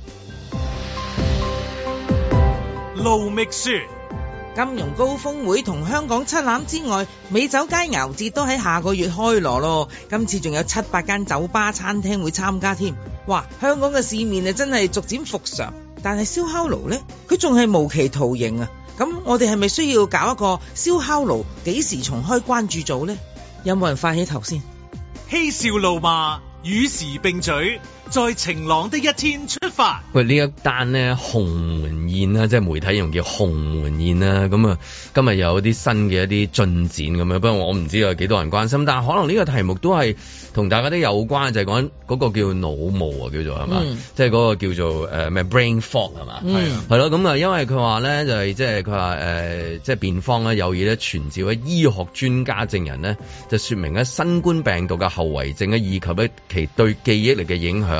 盧覓雪，金融高峰會同香港七欖之外，美酒佳餚節都喺下個月開鑼咯。今次仲有七八間酒吧餐廳會參加添。哇，香港嘅市面啊，真係逐漸復常，但係燒烤爐呢，佢仲係無期徒刑啊。咁我哋係咪需要搞一個燒烤爐幾時重開關注組呢？有冇人發起頭先？嬉笑怒罵，與時並進。在晴朗的一天出發，喂，呢一單咧，《鴻門宴》啊，即係媒體用叫《鴻門宴》啊。咁啊，今日有啲新嘅一啲進展咁樣。不過我唔知道有幾多少人關心，但係可能呢個題目都係同大家都有關就係、是、講嗰個叫腦霧啊，叫做係嘛、嗯，即係嗰個叫做誒咩、呃、brain fog 係嘛。係、嗯、啊，係咯。咁啊，因為佢話咧就係即係佢話誒，即、呃、係、就是、辯方咧有意咧，傳召一醫學專家證人呢，就説明咧新冠病毒嘅後遺症咧，以及咧其對記憶力嘅影響。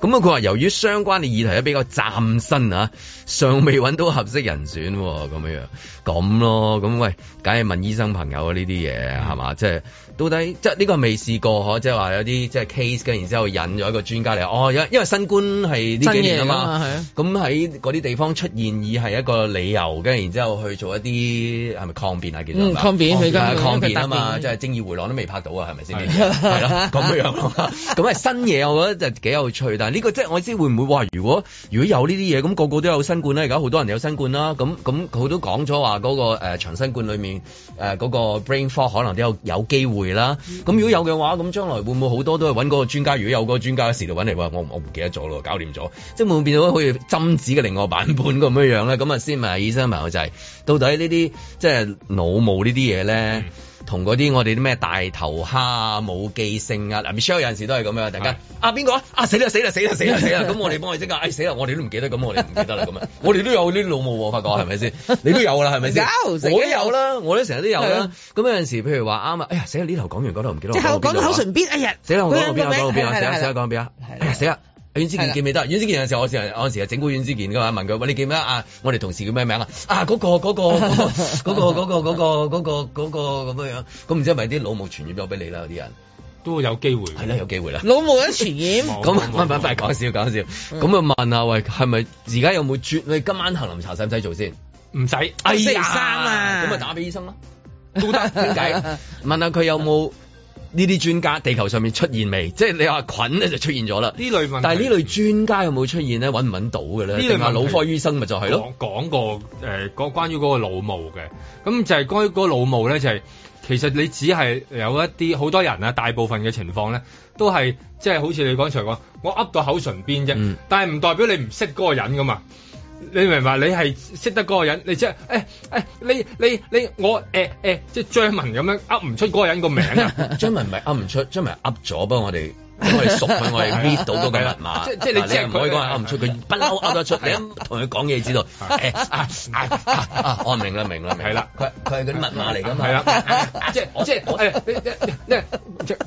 咁啊，佢話由於相關嘅議題咧比較嶄新啊，尚未揾到合適人選咁、啊、樣、啊，咁咯、啊，咁喂，梗係問醫生朋友啊呢啲嘢係嘛？即係到底即係呢個未試過呵？即係話、這個、有啲即係 case 嘅，然之後引咗一個專家嚟哦，因為新新冠係呢幾年啊嘛，嘛啊，咁喺嗰啲地方出現，已係一個理由，跟然之後去做一啲係咪抗辯啊？見做、嗯嗯、抗辯、啊、抗辯啊嘛，即係、就是、正義回廊都未拍到啊，係咪先？係咯，咁、啊啊、 樣、啊，咁啊新嘢，我覺得就幾有趣。嗱、這、呢個即係我知會唔會話，如果如果有呢啲嘢，咁、那個個都有新冠咧。而家好多人有新冠啦，咁咁佢都講咗話嗰個誒、呃、長新冠裏面誒嗰、呃那個 brain fog 可能都有有機會啦。咁如果有嘅話，咁將來會唔會好多都係揾嗰個專家？如果有嗰個專家嘅時，就揾嚟話，我我唔記得咗咯，搞掂咗，即係會唔會變到好似針指嘅另外版本咁樣樣咧？咁啊，先問醫生朋友就係、是、到底老母呢啲即係腦霧呢啲嘢咧？嗯同嗰啲我哋啲咩大頭蝦、冇記性啊，Michelle 有陣時都係咁樣，大家啊邊個啊，啊死啦死啦死啦死啦死啦，咁我哋幫佢整㗎，哎死啦我哋都唔記得，咁我哋唔記得啦咁啊，我哋都有啲老母喎，發覺係咪先？你都有啦係咪先？我都有我都我都成日都有啦，我咧成日都有啦。咁有陣時譬如話啱啊，哎呀死啦呢頭講完嗰頭唔記得我之後講到口唇邊口，哎呀死啦，我講到邊啊？講到邊啊？死啦死啦！講到邊啊？哎呀死啦！阮之健記未得？阮之健有時,、�er, 啊、findentoniasm 時候，我成日我成日整蠱阮之健噶嘛，問佢喂，你記唔記得啊？我哋同事叫咩名啊？啊嗰個嗰個嗰個嗰個嗰個嗰個個個咁樣，咁唔知係咪啲腦膜傳染咗俾你啦？嗰啲人都有機會，係 啦，有機會啦，腦膜 tierra 有傳染，咁快快快講笑講笑，咁啊、嗯、問下：喂，係咪而家有冇絕？你今晚杏林茶，使唔使做先？唔使，哎呀，咁啊打俾醫生啦，都得點解？問下佢有冇。devam for Loki 呢啲專家地球上面出現未？即係你話菌咧就出現咗啦。呢類問題但係呢類專家有冇出現咧？揾唔揾到嘅咧？呢類話腦科醫生咪就係咯。講，講過誒、呃，關關於嗰個腦霧嘅，咁就係、是、嗰個腦霧咧，就係、是、其實你只係有一啲好多人啊，大部分嘅情況咧都係即係好似你剛才講，我噏到口唇邊啫，嗯、但係唔代表你唔識嗰個人噶嘛。你明白，你係識得嗰個人，你即係誒誒，你你你我誒誒、欸，即係張文咁樣噏唔出嗰個人個名啊？張 文唔係噏唔出，張文噏咗，不過我哋我哋熟，佢，我哋搣到嗰啲密碼。即即係你即係唔可以講係噏唔出，佢不嬲噏得出。啊、你一同佢講嘢，知道啊啊、啊啊、我明啦明啦，係啦，佢佢係啲密碼嚟噶嘛？係啦，即 係我即係即誒，咩？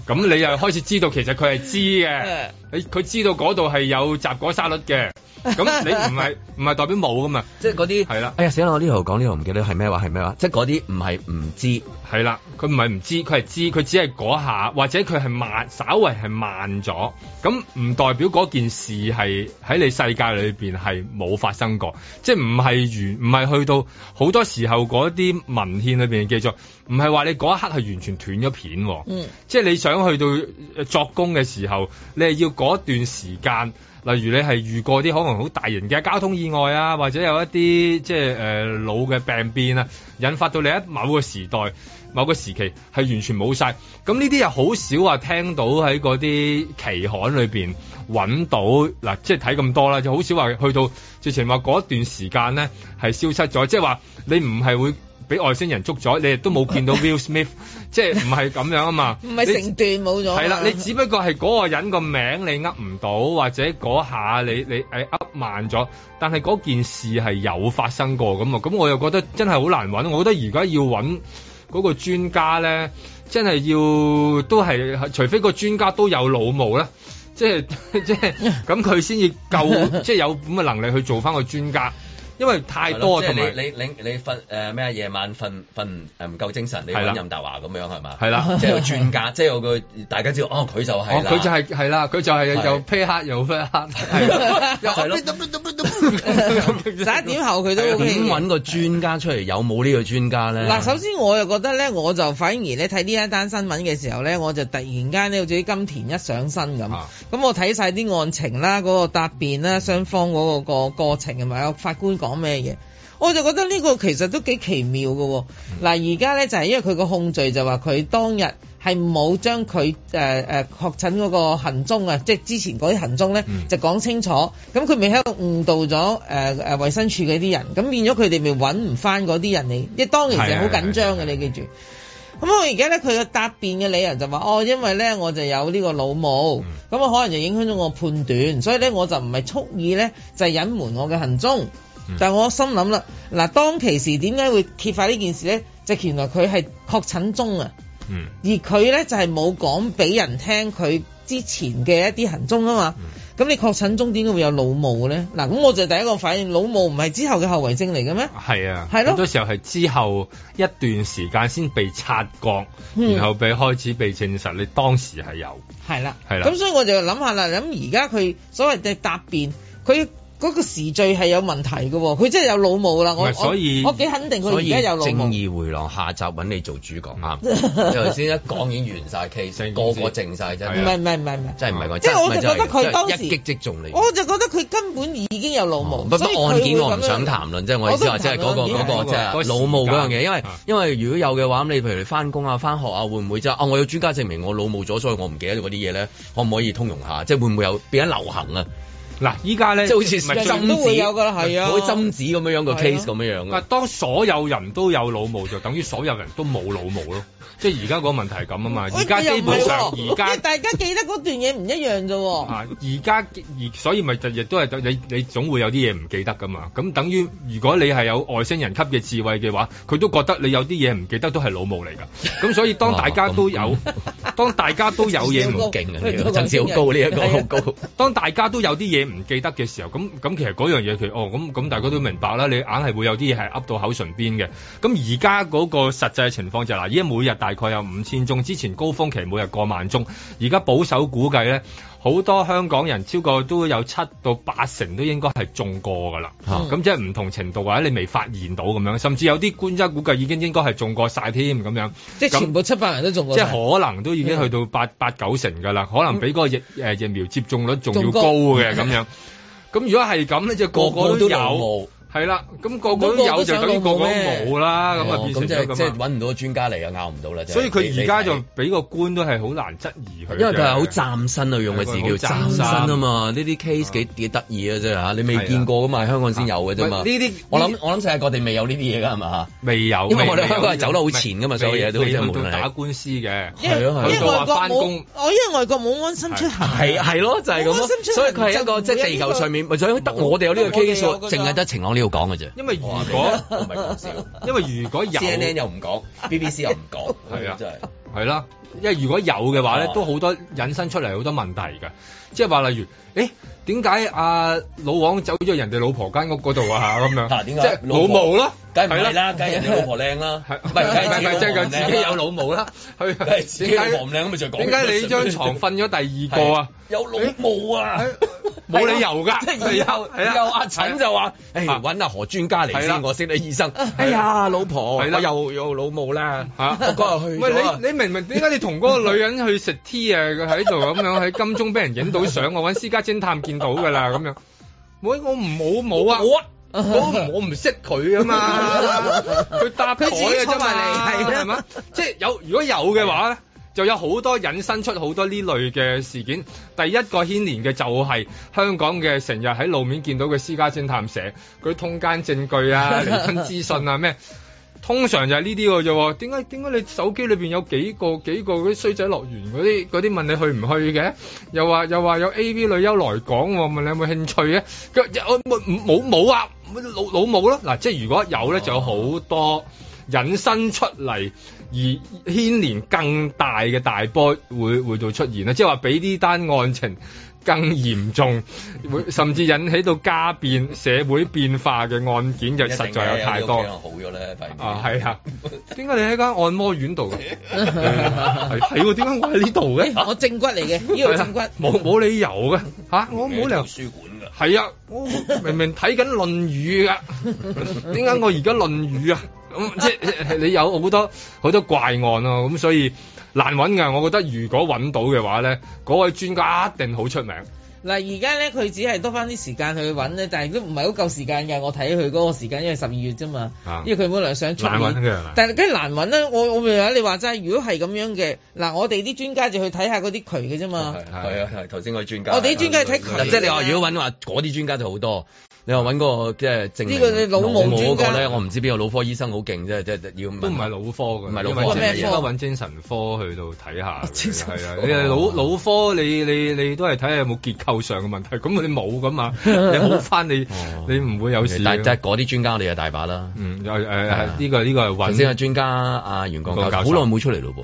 咁 你又開始知道，其實佢係知嘅。佢知道嗰度係有雜果沙律嘅，咁你唔係唔係代表冇噶嘛？即係嗰啲係啦。哎呀，死啦！我呢度講呢度唔記得係咩話係咩話，即係嗰啲唔係唔知，係啦，佢唔係唔知，佢係知，佢只係嗰下，或者佢係慢，稍為係慢咗。咁唔代表嗰件事係喺你世界裏邊係冇發生過，即係唔係唔係去到好多時候嗰啲文獻裏邊嘅記載，唔係話你嗰一刻係完全斷咗片。嗯，即係你想去到作工嘅時候，你係要。嗰段時間，例如你係遇過啲可能好大型嘅交通意外啊，或者有一啲即係誒腦嘅病變啊，引發到你喺某個時代。某個時期係完全冇晒咁呢啲，又好少話聽到喺嗰啲期刊裏邊搵到嗱，即係睇咁多啦，就好少話去到。之前話嗰段時間咧係消失咗，即係話你唔係會俾外星人捉咗，你亦都冇見到 Will Smith， 即係唔係咁樣啊嘛？唔 係成段冇咗係啦。你只不過係嗰個人個名你呃唔到，或者嗰下你你誒呃慢咗，但係嗰件事係有發生過咁啊。咁我又覺得真係好難搵。我覺得而家要搵。嗰個專家咧，真係要都係，除非個專家都有老毛啦，即係即係咁，佢先至夠即係有咁嘅能力去做翻個專家。因為太多啊！即、係、你你你瞓誒咩啊？夜晚瞓瞓誒唔夠精神，你揾任達華咁樣係嘛？係啦，即係 專家，即係有個大家知道，哦，佢就係佢、哦、就係係啦，佢就係又披黑又黑，十一點後佢都 O K。揾、嗯、個專家出嚟有冇呢個專家咧？嗱，首先我又覺得咧，我就反而你睇呢一單新聞嘅時候咧，我就突然間咧好似金田一上身咁。咁、啊、我睇晒啲案情啦，嗰、嗰個答辯啦，雙方嗰個個過程係咪有法官講？講咩嘢？我就覺得呢個其實都幾奇妙嘅、哦。嗱、嗯，而家呢就係、是、因為佢個控罪就話佢當日係冇將佢誒誒確診嗰個行蹤啊，即、就、係、是、之前嗰啲行蹤呢，嗯、就講清楚。咁佢咪喺度誤導咗誒誒衛生處嗰啲人，咁變咗佢哋咪揾唔翻嗰啲人嚟。即當其時就好緊張嘅，你記住。咁我而家呢，佢嘅答辯嘅理由就話哦，因為呢，我就有呢個老母，咁、嗯、我可能就影響咗我判斷，所以呢，我就唔係蓄意呢，就隱瞞我嘅行蹤。但係我心諗啦，嗱，當其時點解會揭發呢件事咧？就是、原來佢係確診中啊、嗯，而佢咧就係冇講俾人聽佢之前嘅一啲行蹤啊嘛。咁、嗯、你確診中點解會有腦霧嘅咧？嗱，咁我就第一個反應，腦霧唔係之後嘅後遺症嚟嘅咩？係啊，係咯，好多時候係之後一段時間先被察覺，然後被開始被證實，你當時係有，係啦、啊，係啦、啊。咁所以我就諗下啦，咁而家佢所謂嘅答辯，佢。嗰、那個時序係有問題嘅喎、哦，佢真係有老母啦！我所以我幾肯定佢而家有老母。正義回廊下集揾你做主角。啱、嗯。頭先 一講已經完晒 case， 個個靜晒真係。唔係唔係唔係唔係，真係唔係即係我就覺得佢當時、就是、一擊即中你。我就覺得佢根本已經有老母，哦、所以案件我唔想談論，即係我意思話，即係嗰個即係、那個啊就是、老母嗰樣嘢，因為因為如果有嘅話，你譬如翻工啊、翻學啊，會唔會就啊、哦？我有專家證明我老母咗，所以我唔記得嗰啲嘢咧，可唔可以通融下？即、就、係、是、會唔會有變咗流行啊？嗱，依家咧即係好似針子，都會有㗎，係啊，好似針子咁樣樣個 case 咁樣樣嘅。但當所有人都有老毛，就等於所有人都冇老毛病咯。 即係而家嗰個問題係咁啊嘛。而、欸、家基本上，而家、啊、大家記得嗰段嘢唔一樣啫、啊。啊，而家所以咪亦、就是、都係你你總會有啲嘢唔記得㗎嘛。咁等於如果你係有外星人級嘅智慧嘅話，佢都覺得你有啲嘢唔記得都係老毛嚟㗎。咁所以當大家都有，當大家都有嘢唔勁嘅，層次好高呢一個好高。當大家都有啲嘢。 唔記得嘅時候，咁咁其實嗰樣嘢，其實哦，咁咁大家都明白啦。你硬係會有啲嘢係噏到口唇邊嘅。咁而家嗰個實際情況就係嗱，依家每日大概有五千宗，之前高峰期每日過萬宗，而家保守估計咧。好多香港人超過都有七到八成都應該係中過㗎啦，咁、嗯、即係唔同程度或者你未發現到咁樣，甚至有啲官員估計已經應該係中過曬添咁樣，即係全部七百人都中過。即係可能都已經去到八、嗯、八九成㗎啦，可能比嗰個疫、嗯、疫苗接種率仲要高嘅咁樣。咁 如果係咁咧，就個個都有。個個都有。係啦，咁、那個個都有就等於個個冇啦，咁啊變咗即係揾唔到專家嚟啊，拗唔到啦，所以佢而家就俾個官都係好難質疑佢，因為佢係好嶄新去用嘅字叫嶄新,身啊嘛，呢啲 case 幾幾得意啊啫嚇，你未見過噶嘛、啊，香港先有嘅啫、啊啊啊、嘛，呢啲我諗我諗世界各地未有呢啲嘢噶係嘛，未有，因為我哋香港係走得好前噶嘛，所有嘢都即係冇。打官司嘅，因為外國冇，因為外國冇安心出行。係係咯就係咁咯，所以佢係一個即係地球上面，咪仲得我哋有呢個 case 喎，淨係得情要講嘅啫，因為如果唔係講笑，因為如果有，CNN 又唔講，BBC 又唔講，係 啊，真係係啦。因為如果有嘅話咧、啊，都好多引申出嚟好多問題噶，即係話例如，誒、欸，點解阿老王走咗人哋老婆間屋嗰度啊？吓、啊、咁樣點解、啊就是、老母咯？梗係啦，梗係人哋老婆靚啦，唔係唔係唔係，即係佢自己有老母啦，佢佢老婆唔靚咁咪就講，點 解 你張床瞓咗第二個啊？有老母啊，冇、欸、理由噶，即係又有，啊有啊、阿陳就話，搵、欸、阿、啊啊、何專家嚟先、啊，我識得醫生，哎呀、啊啊，老婆，係啦、啊，又有老母啦，吓、啊，我嗰日去，你你明明點解同嗰 個女人去食 tea 啊，喺度咁樣喺金鐘俾人影到相，我揾私家偵探見到噶啦咁樣。唔好，我唔冇冇啊，我我我唔識佢啊嘛。佢 搭台嘅啫嘛，你？係啊嘛。即係有如果有嘅話咧，就有好多引申出好多呢類嘅事件。第一個牽連嘅就係香港嘅成日喺路面見到嘅私家偵探社，佢通奸證據啊、離婚資訊啊咩，什麼通常就係呢啲㗎啫，點解點解你手機裏邊有幾個幾個嗰啲衰仔樂園嗰啲嗰啲問你去唔去嘅？又話又話有 AV 女優來港，問你有冇興趣咧？佢我冇冇啊，老老母囉、啊。嗱、啊，即係如果有咧，就有好多引申出嚟而牽連更大嘅大波會會到出現啦。即係話俾呢單案情。更嚴重，甚至引起到家變社會變化嘅案件，就實在有太多。一定啊，好咗咧，啊，係啊！點 解你喺間按摩院度嘅？係 喎、 啊，點解、啊、我喺呢度嘅？我正骨嚟嘅，呢個正骨。冇冇、啊、理由嘅？嚇、啊，我冇嚟圖書館㗎。係啊，我明明睇緊《論 語》㗎，點解我而家《論語》啊？咁即係你有好多好多怪案啊！咁所以。難揾噶，我覺得如果揾到嘅話咧，嗰位專家一定好出名。嗱，而家咧佢只係多翻啲時間去揾咧，但係都唔係好夠時間嘅。我睇佢嗰個時間，因為十二月啫嘛、嗯，因為佢本來想出，但係梗係難揾啦。我我咪話你話齋，如果係咁樣嘅，嗱，我哋啲專家就去睇下嗰啲渠嘅啫嘛。係啊係，頭先位專家，我哋啲專家睇渠，即係你話如果揾話，嗰啲專家就好多。你又揾個即係正，這老老那個呢個腦夢轉個咧，我唔知邊個腦科醫生好勁，即係即係要都唔係腦科嘅。唔係腦科，應該揾精神科去到睇下、啊。精神科啊，你腦腦、啊、科，你你你都係睇下有冇結構上嘅問題。咁你冇咁嘛， 你好翻你、啊，你唔會有事。但係嗰啲專家，我哋大把啦。呢個呢個係頭先嘅專家阿袁國教授，好耐冇出嚟嘞噃。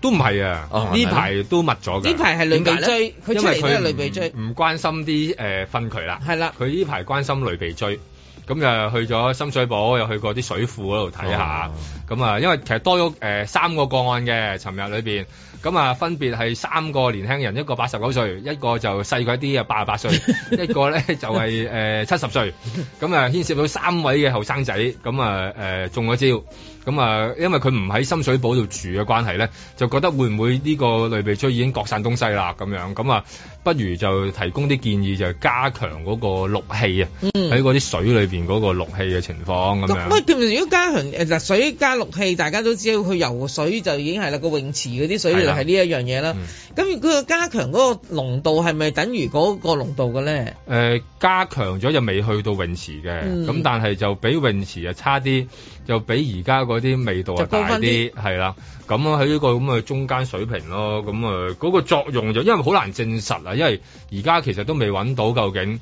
都唔係啊！呢排都密咗嘅。呢排係類鼻疽，佢之前都係類鼻疽。唔關心啲誒分區啦，係啦。佢呢排關心類鼻疽，咁誒去咗深水埗，又去過啲水庫嗰度睇下。咁啊，因為其實多咗誒三個個案嘅，尋日裏邊，咁啊分別係三個年輕人，一個八十九歲，一個就細啲啊八十八歲，一個咧就係誒七十歲。咁啊牽涉到三位嘅後生仔，咁啊誒中咗招。咁、嗯、啊，因為佢唔喺深水埗度住嘅關係咧，就覺得會唔會呢個類別出已經各散東西啦咁樣，咁啊。嗯不如就提供啲建議就係加強嗰個氯氣啊，喺嗰啲水裏邊嗰個氯氣嘅情況咁、嗯、樣，唔、嗯、係，如果加強水加氯氣大家都知道去游水就已經係啦，個泳池嗰啲水就係、嗯、呢一樣嘢啦。咁如果加強嗰個濃度，係咪等於嗰個濃度嘅咧？誒加強咗就未去到泳池嘅，咁、嗯、但係就比泳池啊差啲，就比而家嗰啲味道啊大啲，係啦。咁啊喺呢個咁嘅中間水平咯，咁啊嗰個作用就因為好難證實。因為而家其實都未揾到究竟，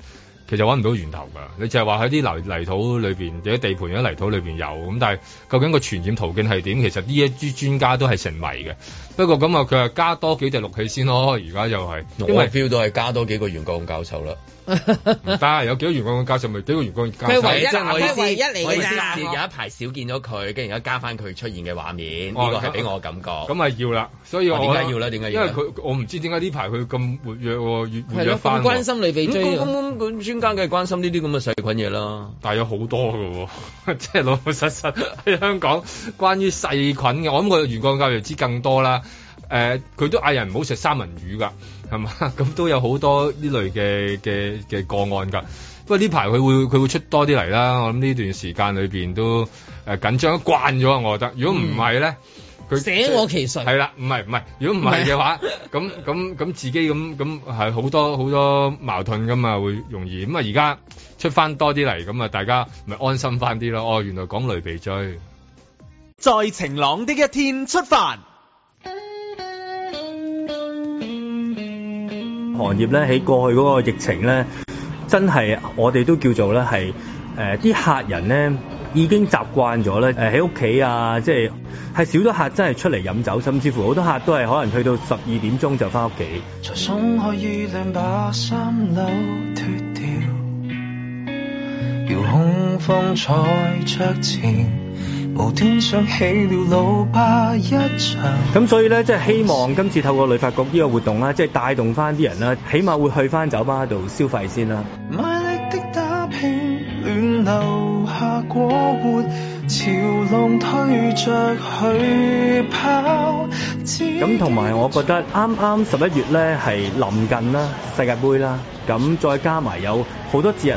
其實揾唔到源頭㗎。你淨係話喺啲泥泥土裏邊，啲地盤喺泥土裏邊有咁，但係究竟個傳染途徑係點？其實呢一啲專家都係成迷嘅。不過咁啊，佢係加多幾隻氯氣先咯。而家又係因為 feel 到係加多幾個袁國勇教授啦。但 係有幾多袁國勇教授咪幾個袁國勇教授？佢唯一，佢唯一嚟噶。有一排少見咗佢，跟住而家加返佢出現嘅畫面，呢、啊這個係俾我感覺。咁係要啦，所以、啊、我點解要咧？點解要？因為佢我唔知點解呢排佢咁活躍喎，活躍翻。啊、關心你被追。我公公管專家梗係關心呢啲咁嘅細菌嘢啦。大咗好多㗎喎，即係老老實實喺 香港關於細菌嘅。我諗個袁國勇教授知更多啦。佢、呃、都嗌人唔好食三文魚㗎。係嘛？咁都有好多呢類嘅嘅嘅個案噶。不過呢排佢會佢會出多啲嚟啦。我諗呢段時間裏邊都誒緊張慣咗，我覺得。如果唔係咧，佢、嗯、寫我其實係啦，唔係唔係。如果唔係嘅話，咁咁咁自己咁咁係好多好多矛盾噶嘛，會容易。咁啊而家出翻多啲嚟，咁啊大家咪安心翻啲咯。哦，原來講雷被追，在晴朗的一天出發。行業咧喺過去嗰個疫情咧，真係我哋都叫做咧係誒啲客人咧已經習慣咗咧誒喺屋企啊，即係係少咗客真係出嚟飲酒，甚至乎好多客都係可能去到十二點鐘就翻屋企。把掉，控 出樂 無端想起了老爸一場。咁所以咧，即係希望今次透過旅發局呢個活動啦，即係帶動翻啲人啦，起碼會去翻酒吧度消費先啦。咁同埋我覺得啱啱十一月咧係臨近啦，世界盃啦，咁再加埋有好多節日。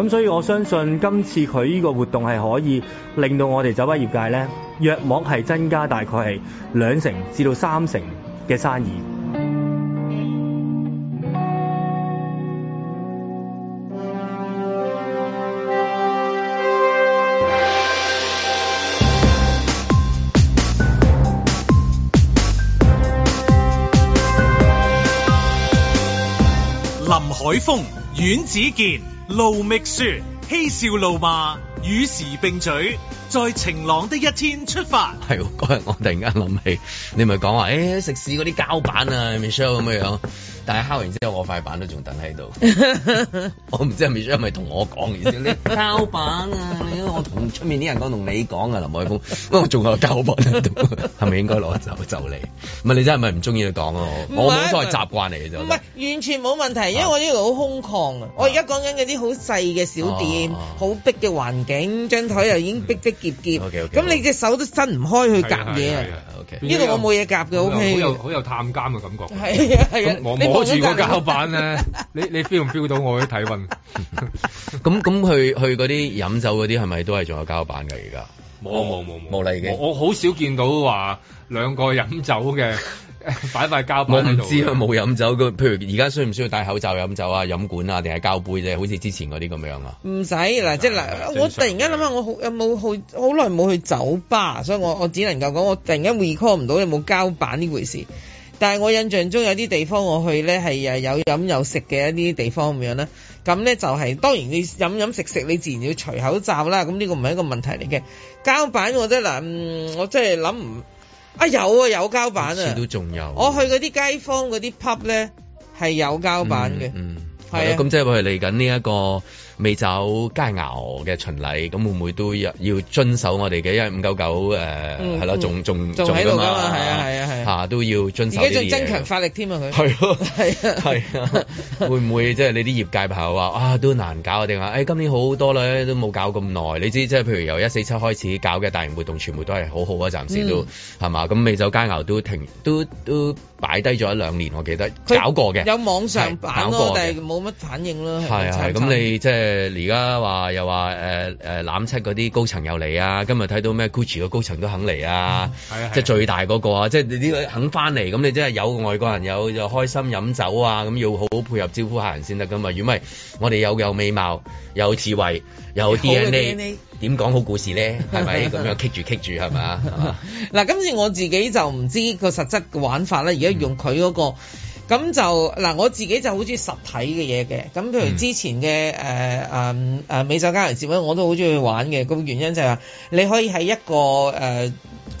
咁所以我相信今次佢呢個活動係可以令到我哋酒吧業界呢，約莫係增加大概係兩成至到三成嘅生意。林海峰、阮子健。路覓雪嬉笑怒罵與時並舉，在晴朗的一天出發。係嗰 日我突然間諗起，你咪講話，誒、哎、食肆嗰啲膠板啊 ，Michelle 咁樣樣。但係敲完之後，我塊板都仲等喺度。 我唔知係咪同我講嘅先？ 你膠板啊！我同出面啲人講，同你講啊，林海峯。 不過我仲有膠板喺度，係 咪 應該攞走就嚟？唔係你真係咪唔中意講啊？我冇錯係習慣嚟嘅啫。唔係完全冇問題，因為我呢度好空曠啊！我而家講緊嗰啲好細嘅小店，好逼嘅環境，張台又已經逼逼澀澀。咁你隻手都伸唔開去夾嘢。呢度我冇嘢夾嘅，OK 好。好有探監嘅感覺。 是 攞住個膠板咧， 你你 feel 唔 feel 到我啲體温？咁 咁 去去嗰啲飲酒嗰啲係咪都係仲有膠板㗎？而家冇冇冇冇啦嘅。我好少見到話兩個飲酒嘅擺塊膠板。我唔知佢冇飲酒嘅。譬如而家需唔需要戴口罩飲酒啊、飲管啊，定係膠杯啫？好似之前嗰啲咁樣啊？唔使嗱，即係嗱，我突然間諗下，我好有冇去好耐冇去酒吧，所以我我只能夠講，我突然間 recall 唔到有冇膠板呢回事。但係我印象中有啲地方我去咧，係有飲有食嘅一啲地方咁樣咧，咁咧就係、是、當然你飲飲食食你自然要除口罩啦，咁呢個唔係一個問題嚟嘅。膠板我真係，我真係諗唔啊有啊有膠板啊，都仲有，我去嗰啲街坊嗰啲 pub 咧係有膠板嘅，係、嗯嗯、啊，咁即係我係嚟緊呢一個，美酒佳肴嘅巡禮，咁會唔會都要遵守我哋嘅，因為五九九，誒係咯，仲仲仲喺度嘛，係啊係啊係啊，啊都要遵守啲嘢。而家仲增強法力添啊，佢係咯係係啊，啊啊 啊啊 會唔會即係你啲業界朋友話啊都難搞啊？定係誒今年好多啦，都冇搞咁耐。你知即係譬如由一四七開始搞嘅大型活動，全部都係好好啊，暫時都係嘛。咁美酒佳肴都停都都擺低咗一兩年，我記得搞過嘅有網上版，但係冇乜反應咯。係啊係咁，啊啊、你即係。誒而家話又話，呃呃、濫七嗰啲高層又嚟啊！今日睇到咩 Gucci 嘅高層都肯嚟啊！啊、嗯，即係最大嗰，嗰個啊！即係你呢個肯翻嚟，咁你真係有外國人有就開心飲酒啊！咁要好好配合招呼客人先得㗎嘛。如果唔係，我哋有有美貌，有智慧，有 DNA，點講好故事咧？係咪咁樣 kick 住 kick 住係咪？嗱， 今次我自己就唔知個實質嘅玩法呢。而家用佢嗰個，嗯。咁就嗱，我自己就好中意實體嘅嘢嘅，咁譬如之前嘅誒誒美酒佳餚節咧，我都好中意去玩嘅，咁原因就係話你可以喺一個誒、呃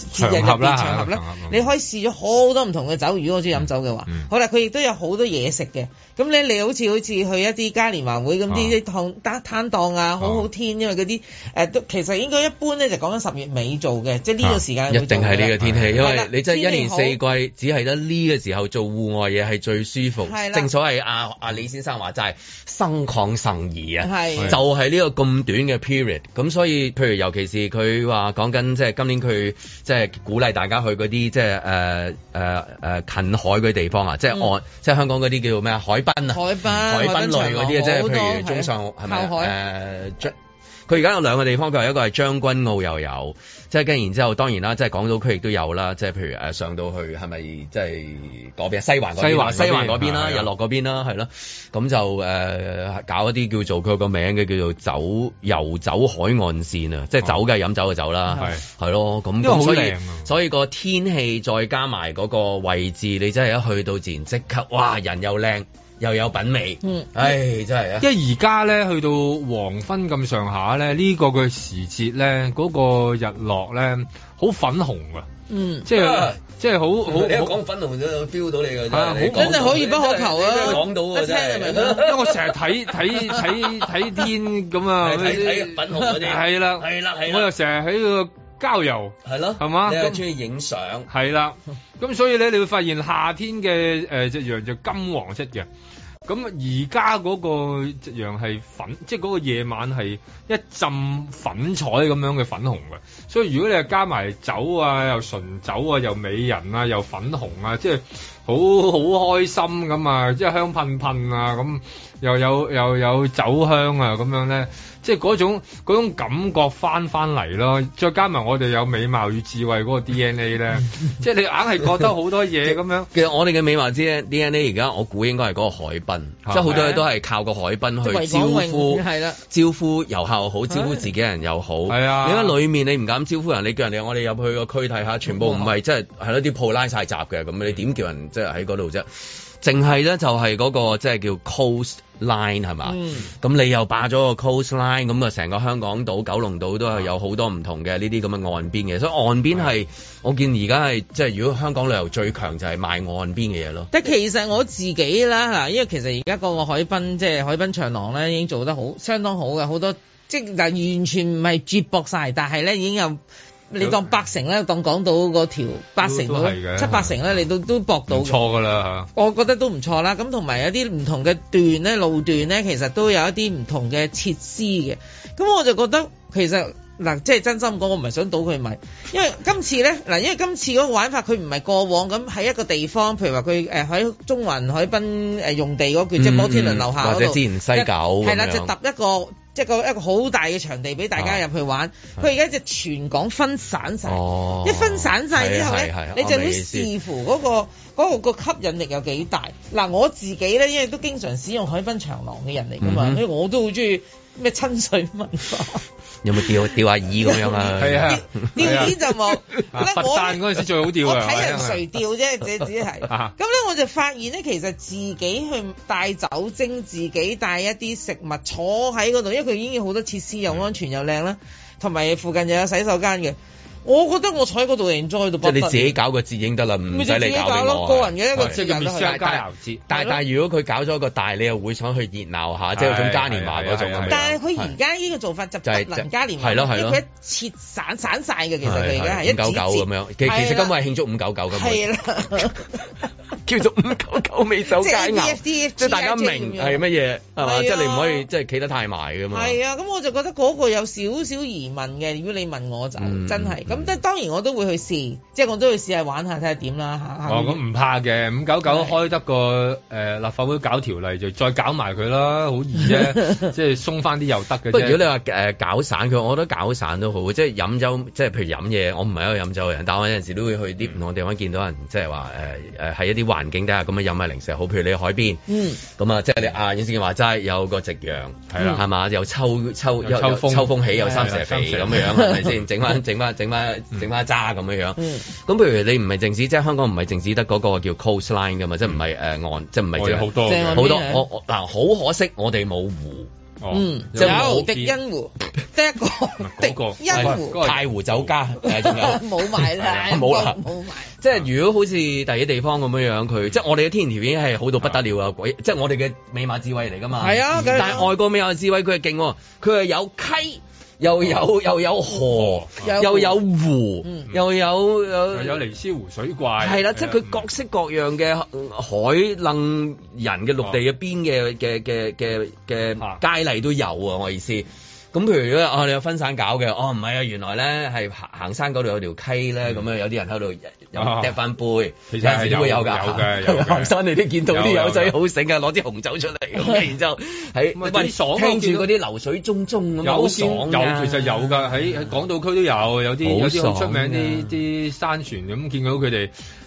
場合，場，合場合啦，場合啦，你可以試咗好多唔同嘅酒、嗯，如果我中意飲酒嘅話、嗯。好啦，佢亦都有好多嘢食嘅。咁咧，你好似好似去一啲嘉年華會咁啲啲攤攤檔啊，好好天、啊，因為嗰啲誒其實應該一般咧，就講緊十月尾做嘅、啊，即係呢個時間。一定係呢個天氣，因為你真係一年四季只係得呢個時候做戶外嘢係最舒服。係啦。正所謂阿、啊、阿、啊、李先生話齋心曠神怡啊，就係、是、呢個咁短嘅 period。咁所以譬如尤其是佢話講緊即係今年佢。即係鼓勵大家去嗰啲即係誒誒誒近海嘅地方啊！即係岸，嗯、即係香港嗰啲叫咩啊？海濱啊，海濱海濱類嗰啲即係譬如中上係咪誒？佢而家有兩個地方，佢話一個係將軍澳又有，即係跟然之後，當然啦，即係港島區亦都有啦。即係譬如誒上到去係咪即係嗰邊西環、西環嗰邊西、西環嗰邊啦，日落嗰邊啦，係咯。咁就誒搞一啲叫做佢個名嘅叫做酒遊走海岸線啊，即係、哦、酒嘅飲酒嘅酒啦，係係咯。咁咁所以所以個天氣再加埋嗰個位置，你真係一去到自然即刻哇，人又靚。又有品味，嗯，唉，真係啊！因為而家咧，去到黃昏咁上下咧，呢個、呢個嘅時節咧，嗰、嗰個日落咧，好粉紅噶、啊，嗯，即係、啊、即係好好，你講粉紅都 feel 到你噶，係啊，真可以不可求啊！講到我啫因為我成日睇睇睇睇天咁啊，睇 睇粉紅嗰啲，係啦，係啦，係，我又成日喺度郊遊，係咯，係嘛，出去影相，係啦，咁所以咧，你會發現夏天嘅誒隻羊就金黃色嘅。咁而家嗰個夕陽係粉，即係嗰個夜晚係一浸粉彩咁樣嘅粉紅嘅，所以如果你係加埋酒啊，又純酒啊，又美人啊，又粉紅啊，即係好好開心咁、就是、啊，即係香噴噴啊咁。又有又有酒香啊！咁樣咧，即係嗰種嗰種感覺翻翻嚟咯。再加埋我哋有美貌與智慧嗰個 DNA 咧， 即係你硬係覺得好多嘢咁樣。其實我哋嘅美貌之 DNA 而家我估應該係嗰個海濱、啊，即係好多嘢都係靠個海濱去、啊、招呼，啦、啊，招呼遊客又好，招呼自己人又好。係啊，你喺裏面你唔敢招呼人，你叫人哋我哋入去個區睇下，全部唔係即係係咯啲鋪拉晒閘嘅咁，你點叫人即係喺嗰度啫？淨係咧就係、是、嗰、那個即係叫 coastline 係嘛？咁、嗯、你又霸咗個 coastline，咁啊成個香港島、九龍島都係有好多唔同嘅呢啲咁嘅岸邊嘅，嗯、所以岸邊係我見而家係即係如果香港旅遊最強就係賣岸邊嘅嘢咯。但其實我自己啦，因為其實而家個個海濱即係海濱長廊咧已經做得好相當好嘅，好多即係但完全唔係接駁晒，但係咧已經有。你當八成咧，當港島嗰條八成都，都七八成咧，你都都搏到。不錯㗎啦，我覺得都唔錯啦。咁同埋有啲唔同嘅段咧，路段咧，其實都有一啲唔同嘅設施嘅。咁我就覺得其實。嗱，即係真心講，我唔係想倒佢米，因為今次咧，嗱，因為今次嗰個玩法佢唔係過往咁喺一個地方，譬如話佢誒喺中環海濱用地嗰段，即係，嗯，摩天輪樓下嗰度，或者之前西九，係啦，就揼一個即係個一個好大嘅場地俾大家入去玩。佢而家就全港分散曬，啊，一分散晒之後咧，你就好視乎嗰個嗰個嗰個吸引力有幾大。嗱，我自己咧，因為都經常使用海濱長廊嘅人嚟㗎嘛，所、嗯、以我都好中意。咩親水文化？ 有冇釣釣吓魚咁樣啊？係 啊，釣魚就冇。佛誕嗰陣時最好釣，我睇人垂釣啫，只只係。咁咧，我就發現咧，其實自己去帶酒精，自己帶一啲食物，坐喺嗰度，因為佢已經好多設施，又安全又靚啦，同埋附近又有洗手間嘅。我覺得我坐喺嗰度 enjoy 到，即係你自己搞個節影得啦，唔使你搞俾我自己搞的個人嘅一個節，但係但係，但如果佢搞咗一個大，你又會想去熱鬧下，即係咁嘉年華嗰種咁樣。但係佢而家呢個做法就就係嘉年華，即係佢一切散散晒嘅。其實佢而家係五九九咁樣。其實其實根本係慶祝五九九根本。 叫做五九九尾手街牛，即 係大家明係乜嘢係嘛？即係你唔可以即係企得太埋㗎嘛。係啊，咁我就覺得嗰個有少少疑問嘅。如果你問我就、嗯、真係，咁都當然我都會去試，即、就、係、是、我都會試,試玩下玩下睇下點啦哦，咁唔怕嘅，五九九開得個誒、呃、立法會搞條例就再搞埋佢啦，好易啫，即 係鬆翻啲又得嘅啫。不如,如果你話誒、呃、搞散佢，我覺得搞散都好，即、就、係、是、飲酒，即、就、係、是、譬如飲嘢，我唔係一個飲酒嘅人，但我有陣時都會去啲唔同地方見到人，即係話誒誒係一啲玩。環境底下咁啊，有埋零食好，譬如你去海邊，咁啊，即係你啊，以前話齋有個夕陽，係啦，係嘛，有秋秋有秋風秋風起，有三蛇肥咁樣樣，係咪先？整翻整翻整翻整翻渣咁樣、嗯、樣，咁譬如你唔係淨止，即係香港唔係淨止得嗰個叫 coastline 嘅、嗯、嘛，即係唔係誒岸，即係唔係。我有好多好、嗯、多我我嗱，好可惜我哋冇湖。哦、嗯，就係迪欣湖，得一、那個迪欣湖，太 湖,湖酒家，仲有冇埋咧？冇啦，冇 埋沒了 。即係如果好似第二啲地方咁樣樣，佢即係我哋嘅天然條件係好到不得了啊！鬼，即係我哋嘅美馬智慧嚟噶嘛？係啊，但係外國美馬智慧佢係勁，佢係有溪。又有、啊、又有河、啊，又有湖，嗯、又有有又有尼斯湖水怪。係啦，即係佢各式各樣嘅海楞、嗯、人嘅陸地入邊嘅嘅嘅嘅嘅佳麗都有啊！我意思。咁譬如如果哦，你有分散搞嘅，哦唔係啊，原來咧係行行山嗰度有條溪咧，咁、嗯、啊有啲人喺度又揼翻杯，其實有嘅有嘅，行山你都見到啲友仔好醒嘅，攞啲紅酒出嚟，咁 然之後喺聽住嗰啲流水淙淙咁好爽，爽有其實有㗎，喺喺港島區都有，有啲、嗯、有啲出名啲啲山泉咁見到佢哋。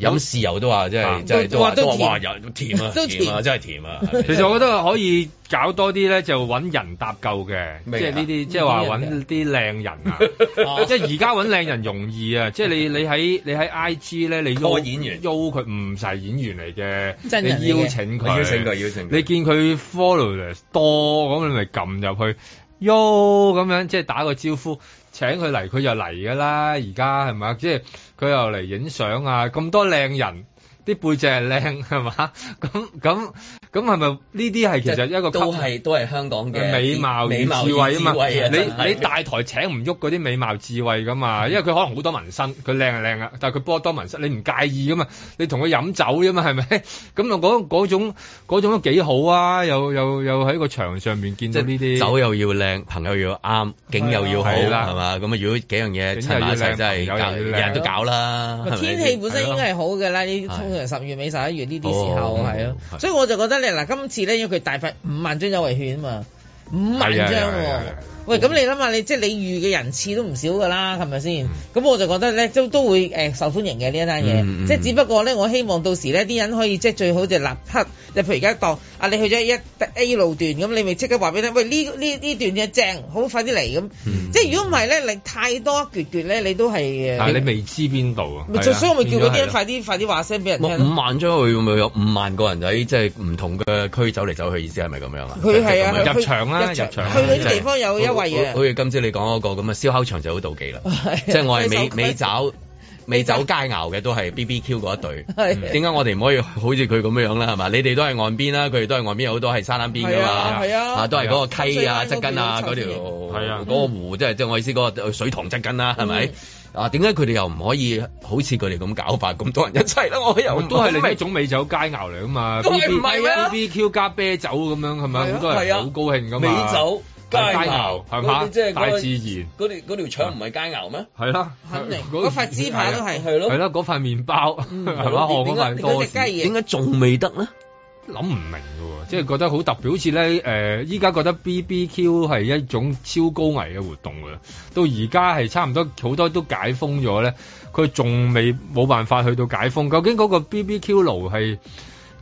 飲豉油都話，即係即係都都話，又甜，甜啊都甜，甜啊，真係甜啊！ 其實我覺得可以搞多啲咧，就揾人搭救嘅、啊，即係呢啲，即係話揾啲靚人啊！人啊 即係而家揾靚人容易啊！ 即係你你喺你喺 IG 咧，你邀邀佢唔係演員嚟嘅，真嘅邀請佢邀請佢邀請，你見佢 followers 多咁，你咪撳入去邀咁樣，即係打個招呼。請佢嚟，佢就嚟噶啦！而家係咪啊？即係佢又嚟影相啊，咁多靚人。啲背脊係靚係嘛？咁咁咁係咪呢啲係其實一個都係都係香港嘅美貌與智，智慧啊嘛！你你大台請唔喐嗰啲美貌智慧㗎嘛？因為佢可能好多紋身，佢靚係靚啊，但係佢波多紋身，你唔介意噶嘛？你同佢飲酒啫嘛係咪？咁啊嗰嗰種嗰種都幾好啊！又又又喺個牆上面見到呢啲酒又要靚，朋友又要啱，景又要好係嘛？咁啊如果幾樣嘢陳埋一齊真係日人都搞啦！天氣本身應該係好嘅啦，十月尾十一月呢啲時候係咯、oh, 啊啊，所以我就覺得咧嗱，今次咧因為佢大份五萬張優惠券啊嘛，五萬張、啊啊啊啊，喂咁你諗下你即係你預嘅人次都唔少噶啦，係咪先？咁、mm-hmm. 我就覺得咧都都會誒、呃、受歡迎嘅呢一單嘢，mm-hmm. 即係只不過咧我希望到時咧啲人可以即係最好就立刻，你譬如而家當。啊！你去咗一 A 路段，咁你咪即刻話俾佢聽，喂呢呢呢段嘅正，好快啲嚟咁。即係如果唔係咧，你太多一段咧，你都係。但你未知邊度啊？所以我咪叫嗰啲快啲、啊、快啲話聲俾人聽。五萬張去會唔會有五萬個人喺即係唔同嘅區走嚟走去，意思係咪咁樣啊？佢、就、係、是、啊，入場啊，入場啊，去嗰啲地方有優惠啊。好似今朝你講嗰、那個咁嘅燒烤場就好妒忌啦，即係、啊就是、我係未尾找。美酒佳肴嘅都係 B B Q 嗰一隊。係點解我哋唔可以好似佢咁樣樣咧？係嘛，你哋都係岸邊啦，佢哋都係岸邊，好多係沙灘邊噶嘛。係啊，都係嗰個溪啊、側根啊嗰條，係啊，嗰、嗰個湖，即係即係我意思嗰個水塘側根啦，係咪？啊，點解佢哋又唔可以好似佢哋咁搞法，咁多人一齊咧？我又都係另一種美酒佳肴嚟噶嘛，B B Q 加啤酒咁樣，係咪？好多人好高興噶美酒。街牛係嘛？即係、嗰個、大自然嗰條嗰條腸唔係街牛咩？係啦，肯定嗰塊芝牌都係係咯。係咯，嗰塊麵包係嘛？我、就係、覺得多啲。嗰隻雞嘢點解仲未得呢？諗唔明嘅喎，即係覺得好特別，好似咧誒，依、呃、家覺得 B B Q 係一種超高危嘅活動啦。到而家係差唔多好多都解封咗咧，佢仲未冇辦法去到解封。究竟嗰個 B B Q 爐係？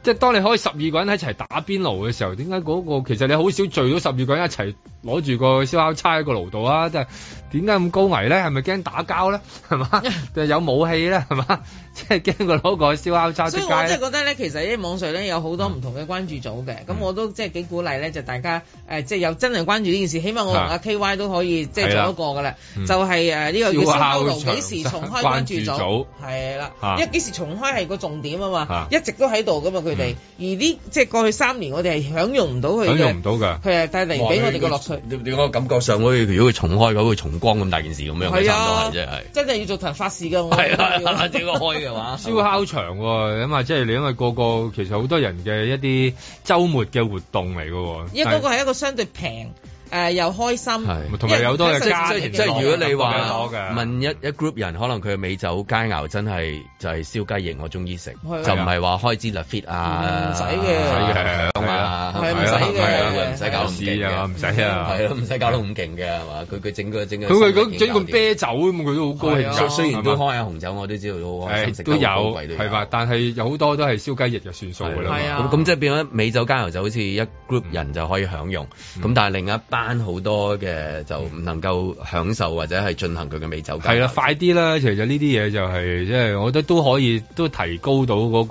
即係當你可以十二個人喺一齊打邊爐嘅時候，點解嗰個其實你好少聚到十二個人一齊攞住個燒烤叉喺個爐度啊？即係點解咁高危咧？係咪驚打交咧？係嘛？定 係有武器咧？係嘛？即係驚佢攞個燒烤叉出街？所以我真係覺得咧，其實啲網上咧有好多唔同嘅關注組嘅，咁、嗯、我都即係幾鼓勵咧，就大家誒即係有真係關注呢件事，起碼我同阿、啊、K Y 都可以即係做一個噶啦，就係誒呢個叫燒烤爐幾時重開關注組，係啦，因為幾時重開係個重點啊嘛，一直都喺度噶嘛哋、嗯，而呢，即係過去三年，我哋係享用唔到佢，享用唔到㗎。係啊，帶嚟俾我哋個樂趣。點點解感覺上好似如果重開嗰個重光咁大件事咁樣？係啊，真係要做頭發事㗎，我哋、啊啊嗰個、 要呢個開嘅話。燒烤場咁啊，即 你因為個個其實好多人嘅一啲週末嘅活動嚟㗎喎。因為嗰個係一個相對平。誒、uh, 又開心，同埋有好多家即家如果你話問一一 group 人，可能佢嘅美酒佳肴真係就係、係、燒雞翼我，我中意食，就唔係話開支 limit 啊，唔使嘅，係啊，係唔使嘅，唔使搞五唔使啊，唔使搞到咁勁嘅係嘛？佢、就、佢、係啊、整個整佢，個啤酒咁佢都好高興、啊啊，雖然都開下紅酒我、啊，我都知道好開心，都、啊、有，係但係有好多都係燒雞翼就算數㗎啦。咁即係變咗美酒佳肴就好似一 group 人就可以享用。咁但係另一班。好多嘅就唔能夠享受或者係進行佢嘅美酒。係啦、啊，快啲啦！其實呢啲嘢就係、係、即係，我覺得都可以都提高到嗰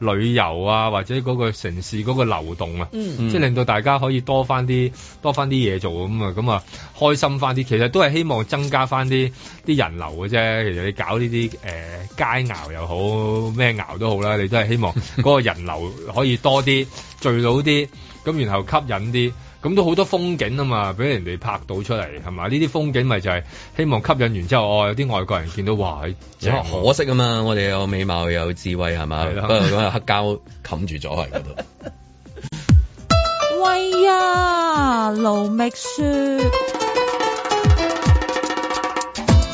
個旅遊啊，或者嗰個城市嗰個流動啊，嗯、即係令到大家可以多翻啲多翻啲嘢做咁啊咁啊，開心翻啲。其實都係希望增加翻啲啲人流嘅啫。其實你搞呢啲誒街鬧又好咩鬧都好啦，你都係希望嗰個人流可以多啲 聚到啲咁，然後吸引啲。咁都好多風景啊嘛，俾人哋拍到出嚟係嘛？呢啲風景咪就係希望吸引完之後，哦，有啲外國人見到哇，真、哎、可惜啊嘛！我哋有美貌有智慧係嘛？不過咁黑膠冚住咗喺嗰度。喂 啊，盧覓雪！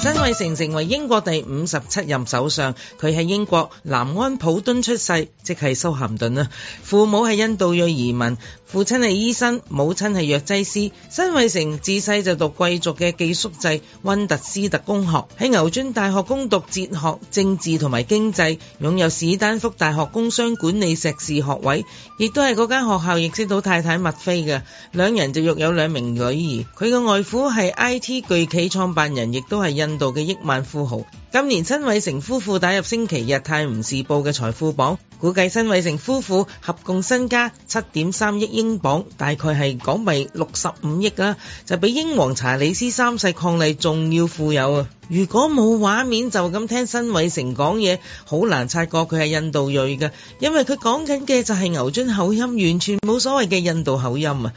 辛偉誠成為英國第五十七任首相，佢喺英國南安普敦出世，即係蘇咸頓啦。父母係印度裔移民。父親係醫生，母親係藥劑師。辛偉誠自細就讀貴族嘅寄宿制温特斯特公學，喺牛津大學攻讀哲學、政治同埋經濟，擁有史丹福大學工商管理碩士學位，亦都係嗰間學校認識到太太麥菲嘅。兩人就育有兩名女兒。佢嘅外父係 I T 巨企創辦人，亦都係印度嘅億萬富豪。今年辛偉成夫婦打入星期日泰晤士報嘅財富榜，估計辛偉成夫婦合共身家七點三億英鎊，大概係港幣六十五億啊，就比英皇查理斯三世伉儷仲要富有啊！如果冇畫面就咁聽辛偉成講嘢，好難察覺佢係印度裔噶，因為佢講緊嘅就係牛津口音，完全冇所謂嘅印度口音啊！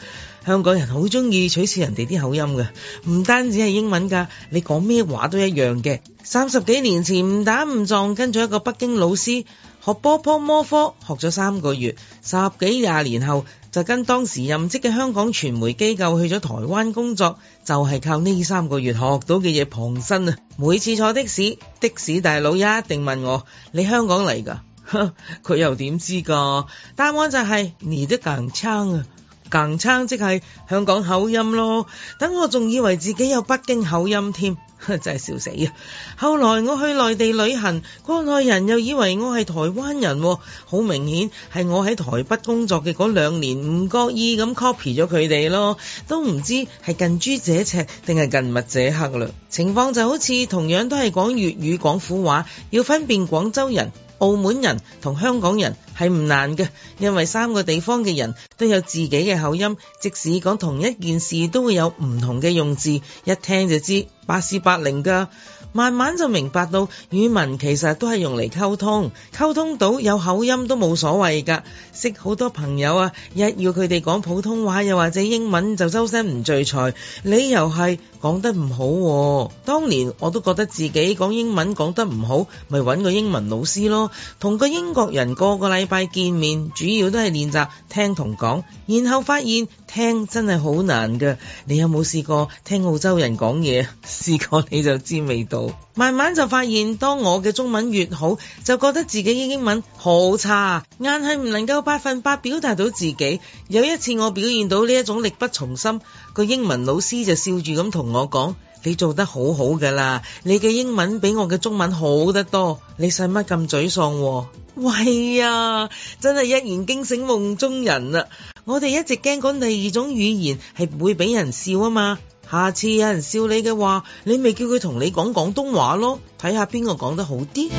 香港人好鍾意取笑人哋啲口音嘅，唔單止係英文噶，你講咩話都一樣嘅。三十幾年前誤打誤撞，跟咗一個北京老師學波波摩科，學咗三個月，十幾廿年後就跟當時任職嘅香港傳媒機構去咗台灣工作，就係靠呢三個月學到嘅嘢傍身啊！每次坐的士，的士大佬一定問我：你香港嚟噶？佢又點知㗎？答案就係你都咁差啊！更差即係香港口音咯，等我仲以為自己有北京口音添，真係笑死啊！後來我去內地旅行，國內人又以為我係台灣人，好明顯係我喺台北工作嘅嗰兩年唔覺意咁 copy 咗佢哋咯，都唔知係近朱者赤定係近墨者黑啦。情況就好似同樣都係講粵語廣府話，要分辨廣州人、澳門人同香港人係唔難嘅，因為三個地方嘅人都有自己嘅口音，即使講同一件事都會有唔同嘅用字，一聽就知百試百靈噶。慢慢就明白到語文其實都係用嚟溝通，溝通到有口音都冇所謂㗎。識好多朋友啊，一要佢哋講普通話又或者英文就周身唔聚財，理由係，講得唔好喎，當年我都覺得自己講英文講得唔好，咪揾個英文老師咯，同個英國人個個禮拜見面，主要都係練習聽同講，然後發現聽真係好難㗎。你有冇試過聽澳洲人講嘢？試過你就知味道。慢慢就發現，當我嘅中文越好，就覺得自己嘅英文好差，硬係唔能夠百分百表達到自己。有一次我表現到呢一種力不從心。個英文老師就笑住咁同我講：你做得好好噶啦，你嘅英文比我嘅中文好得多，你使乜咁沮喪？喂呀，真係一言驚醒夢中人啦，啊！我哋一直驚講第二種語言係會俾人笑啊嘛，下次有人笑你嘅話，你咪叫佢同你講廣東話咯，睇下邊個講得好啲。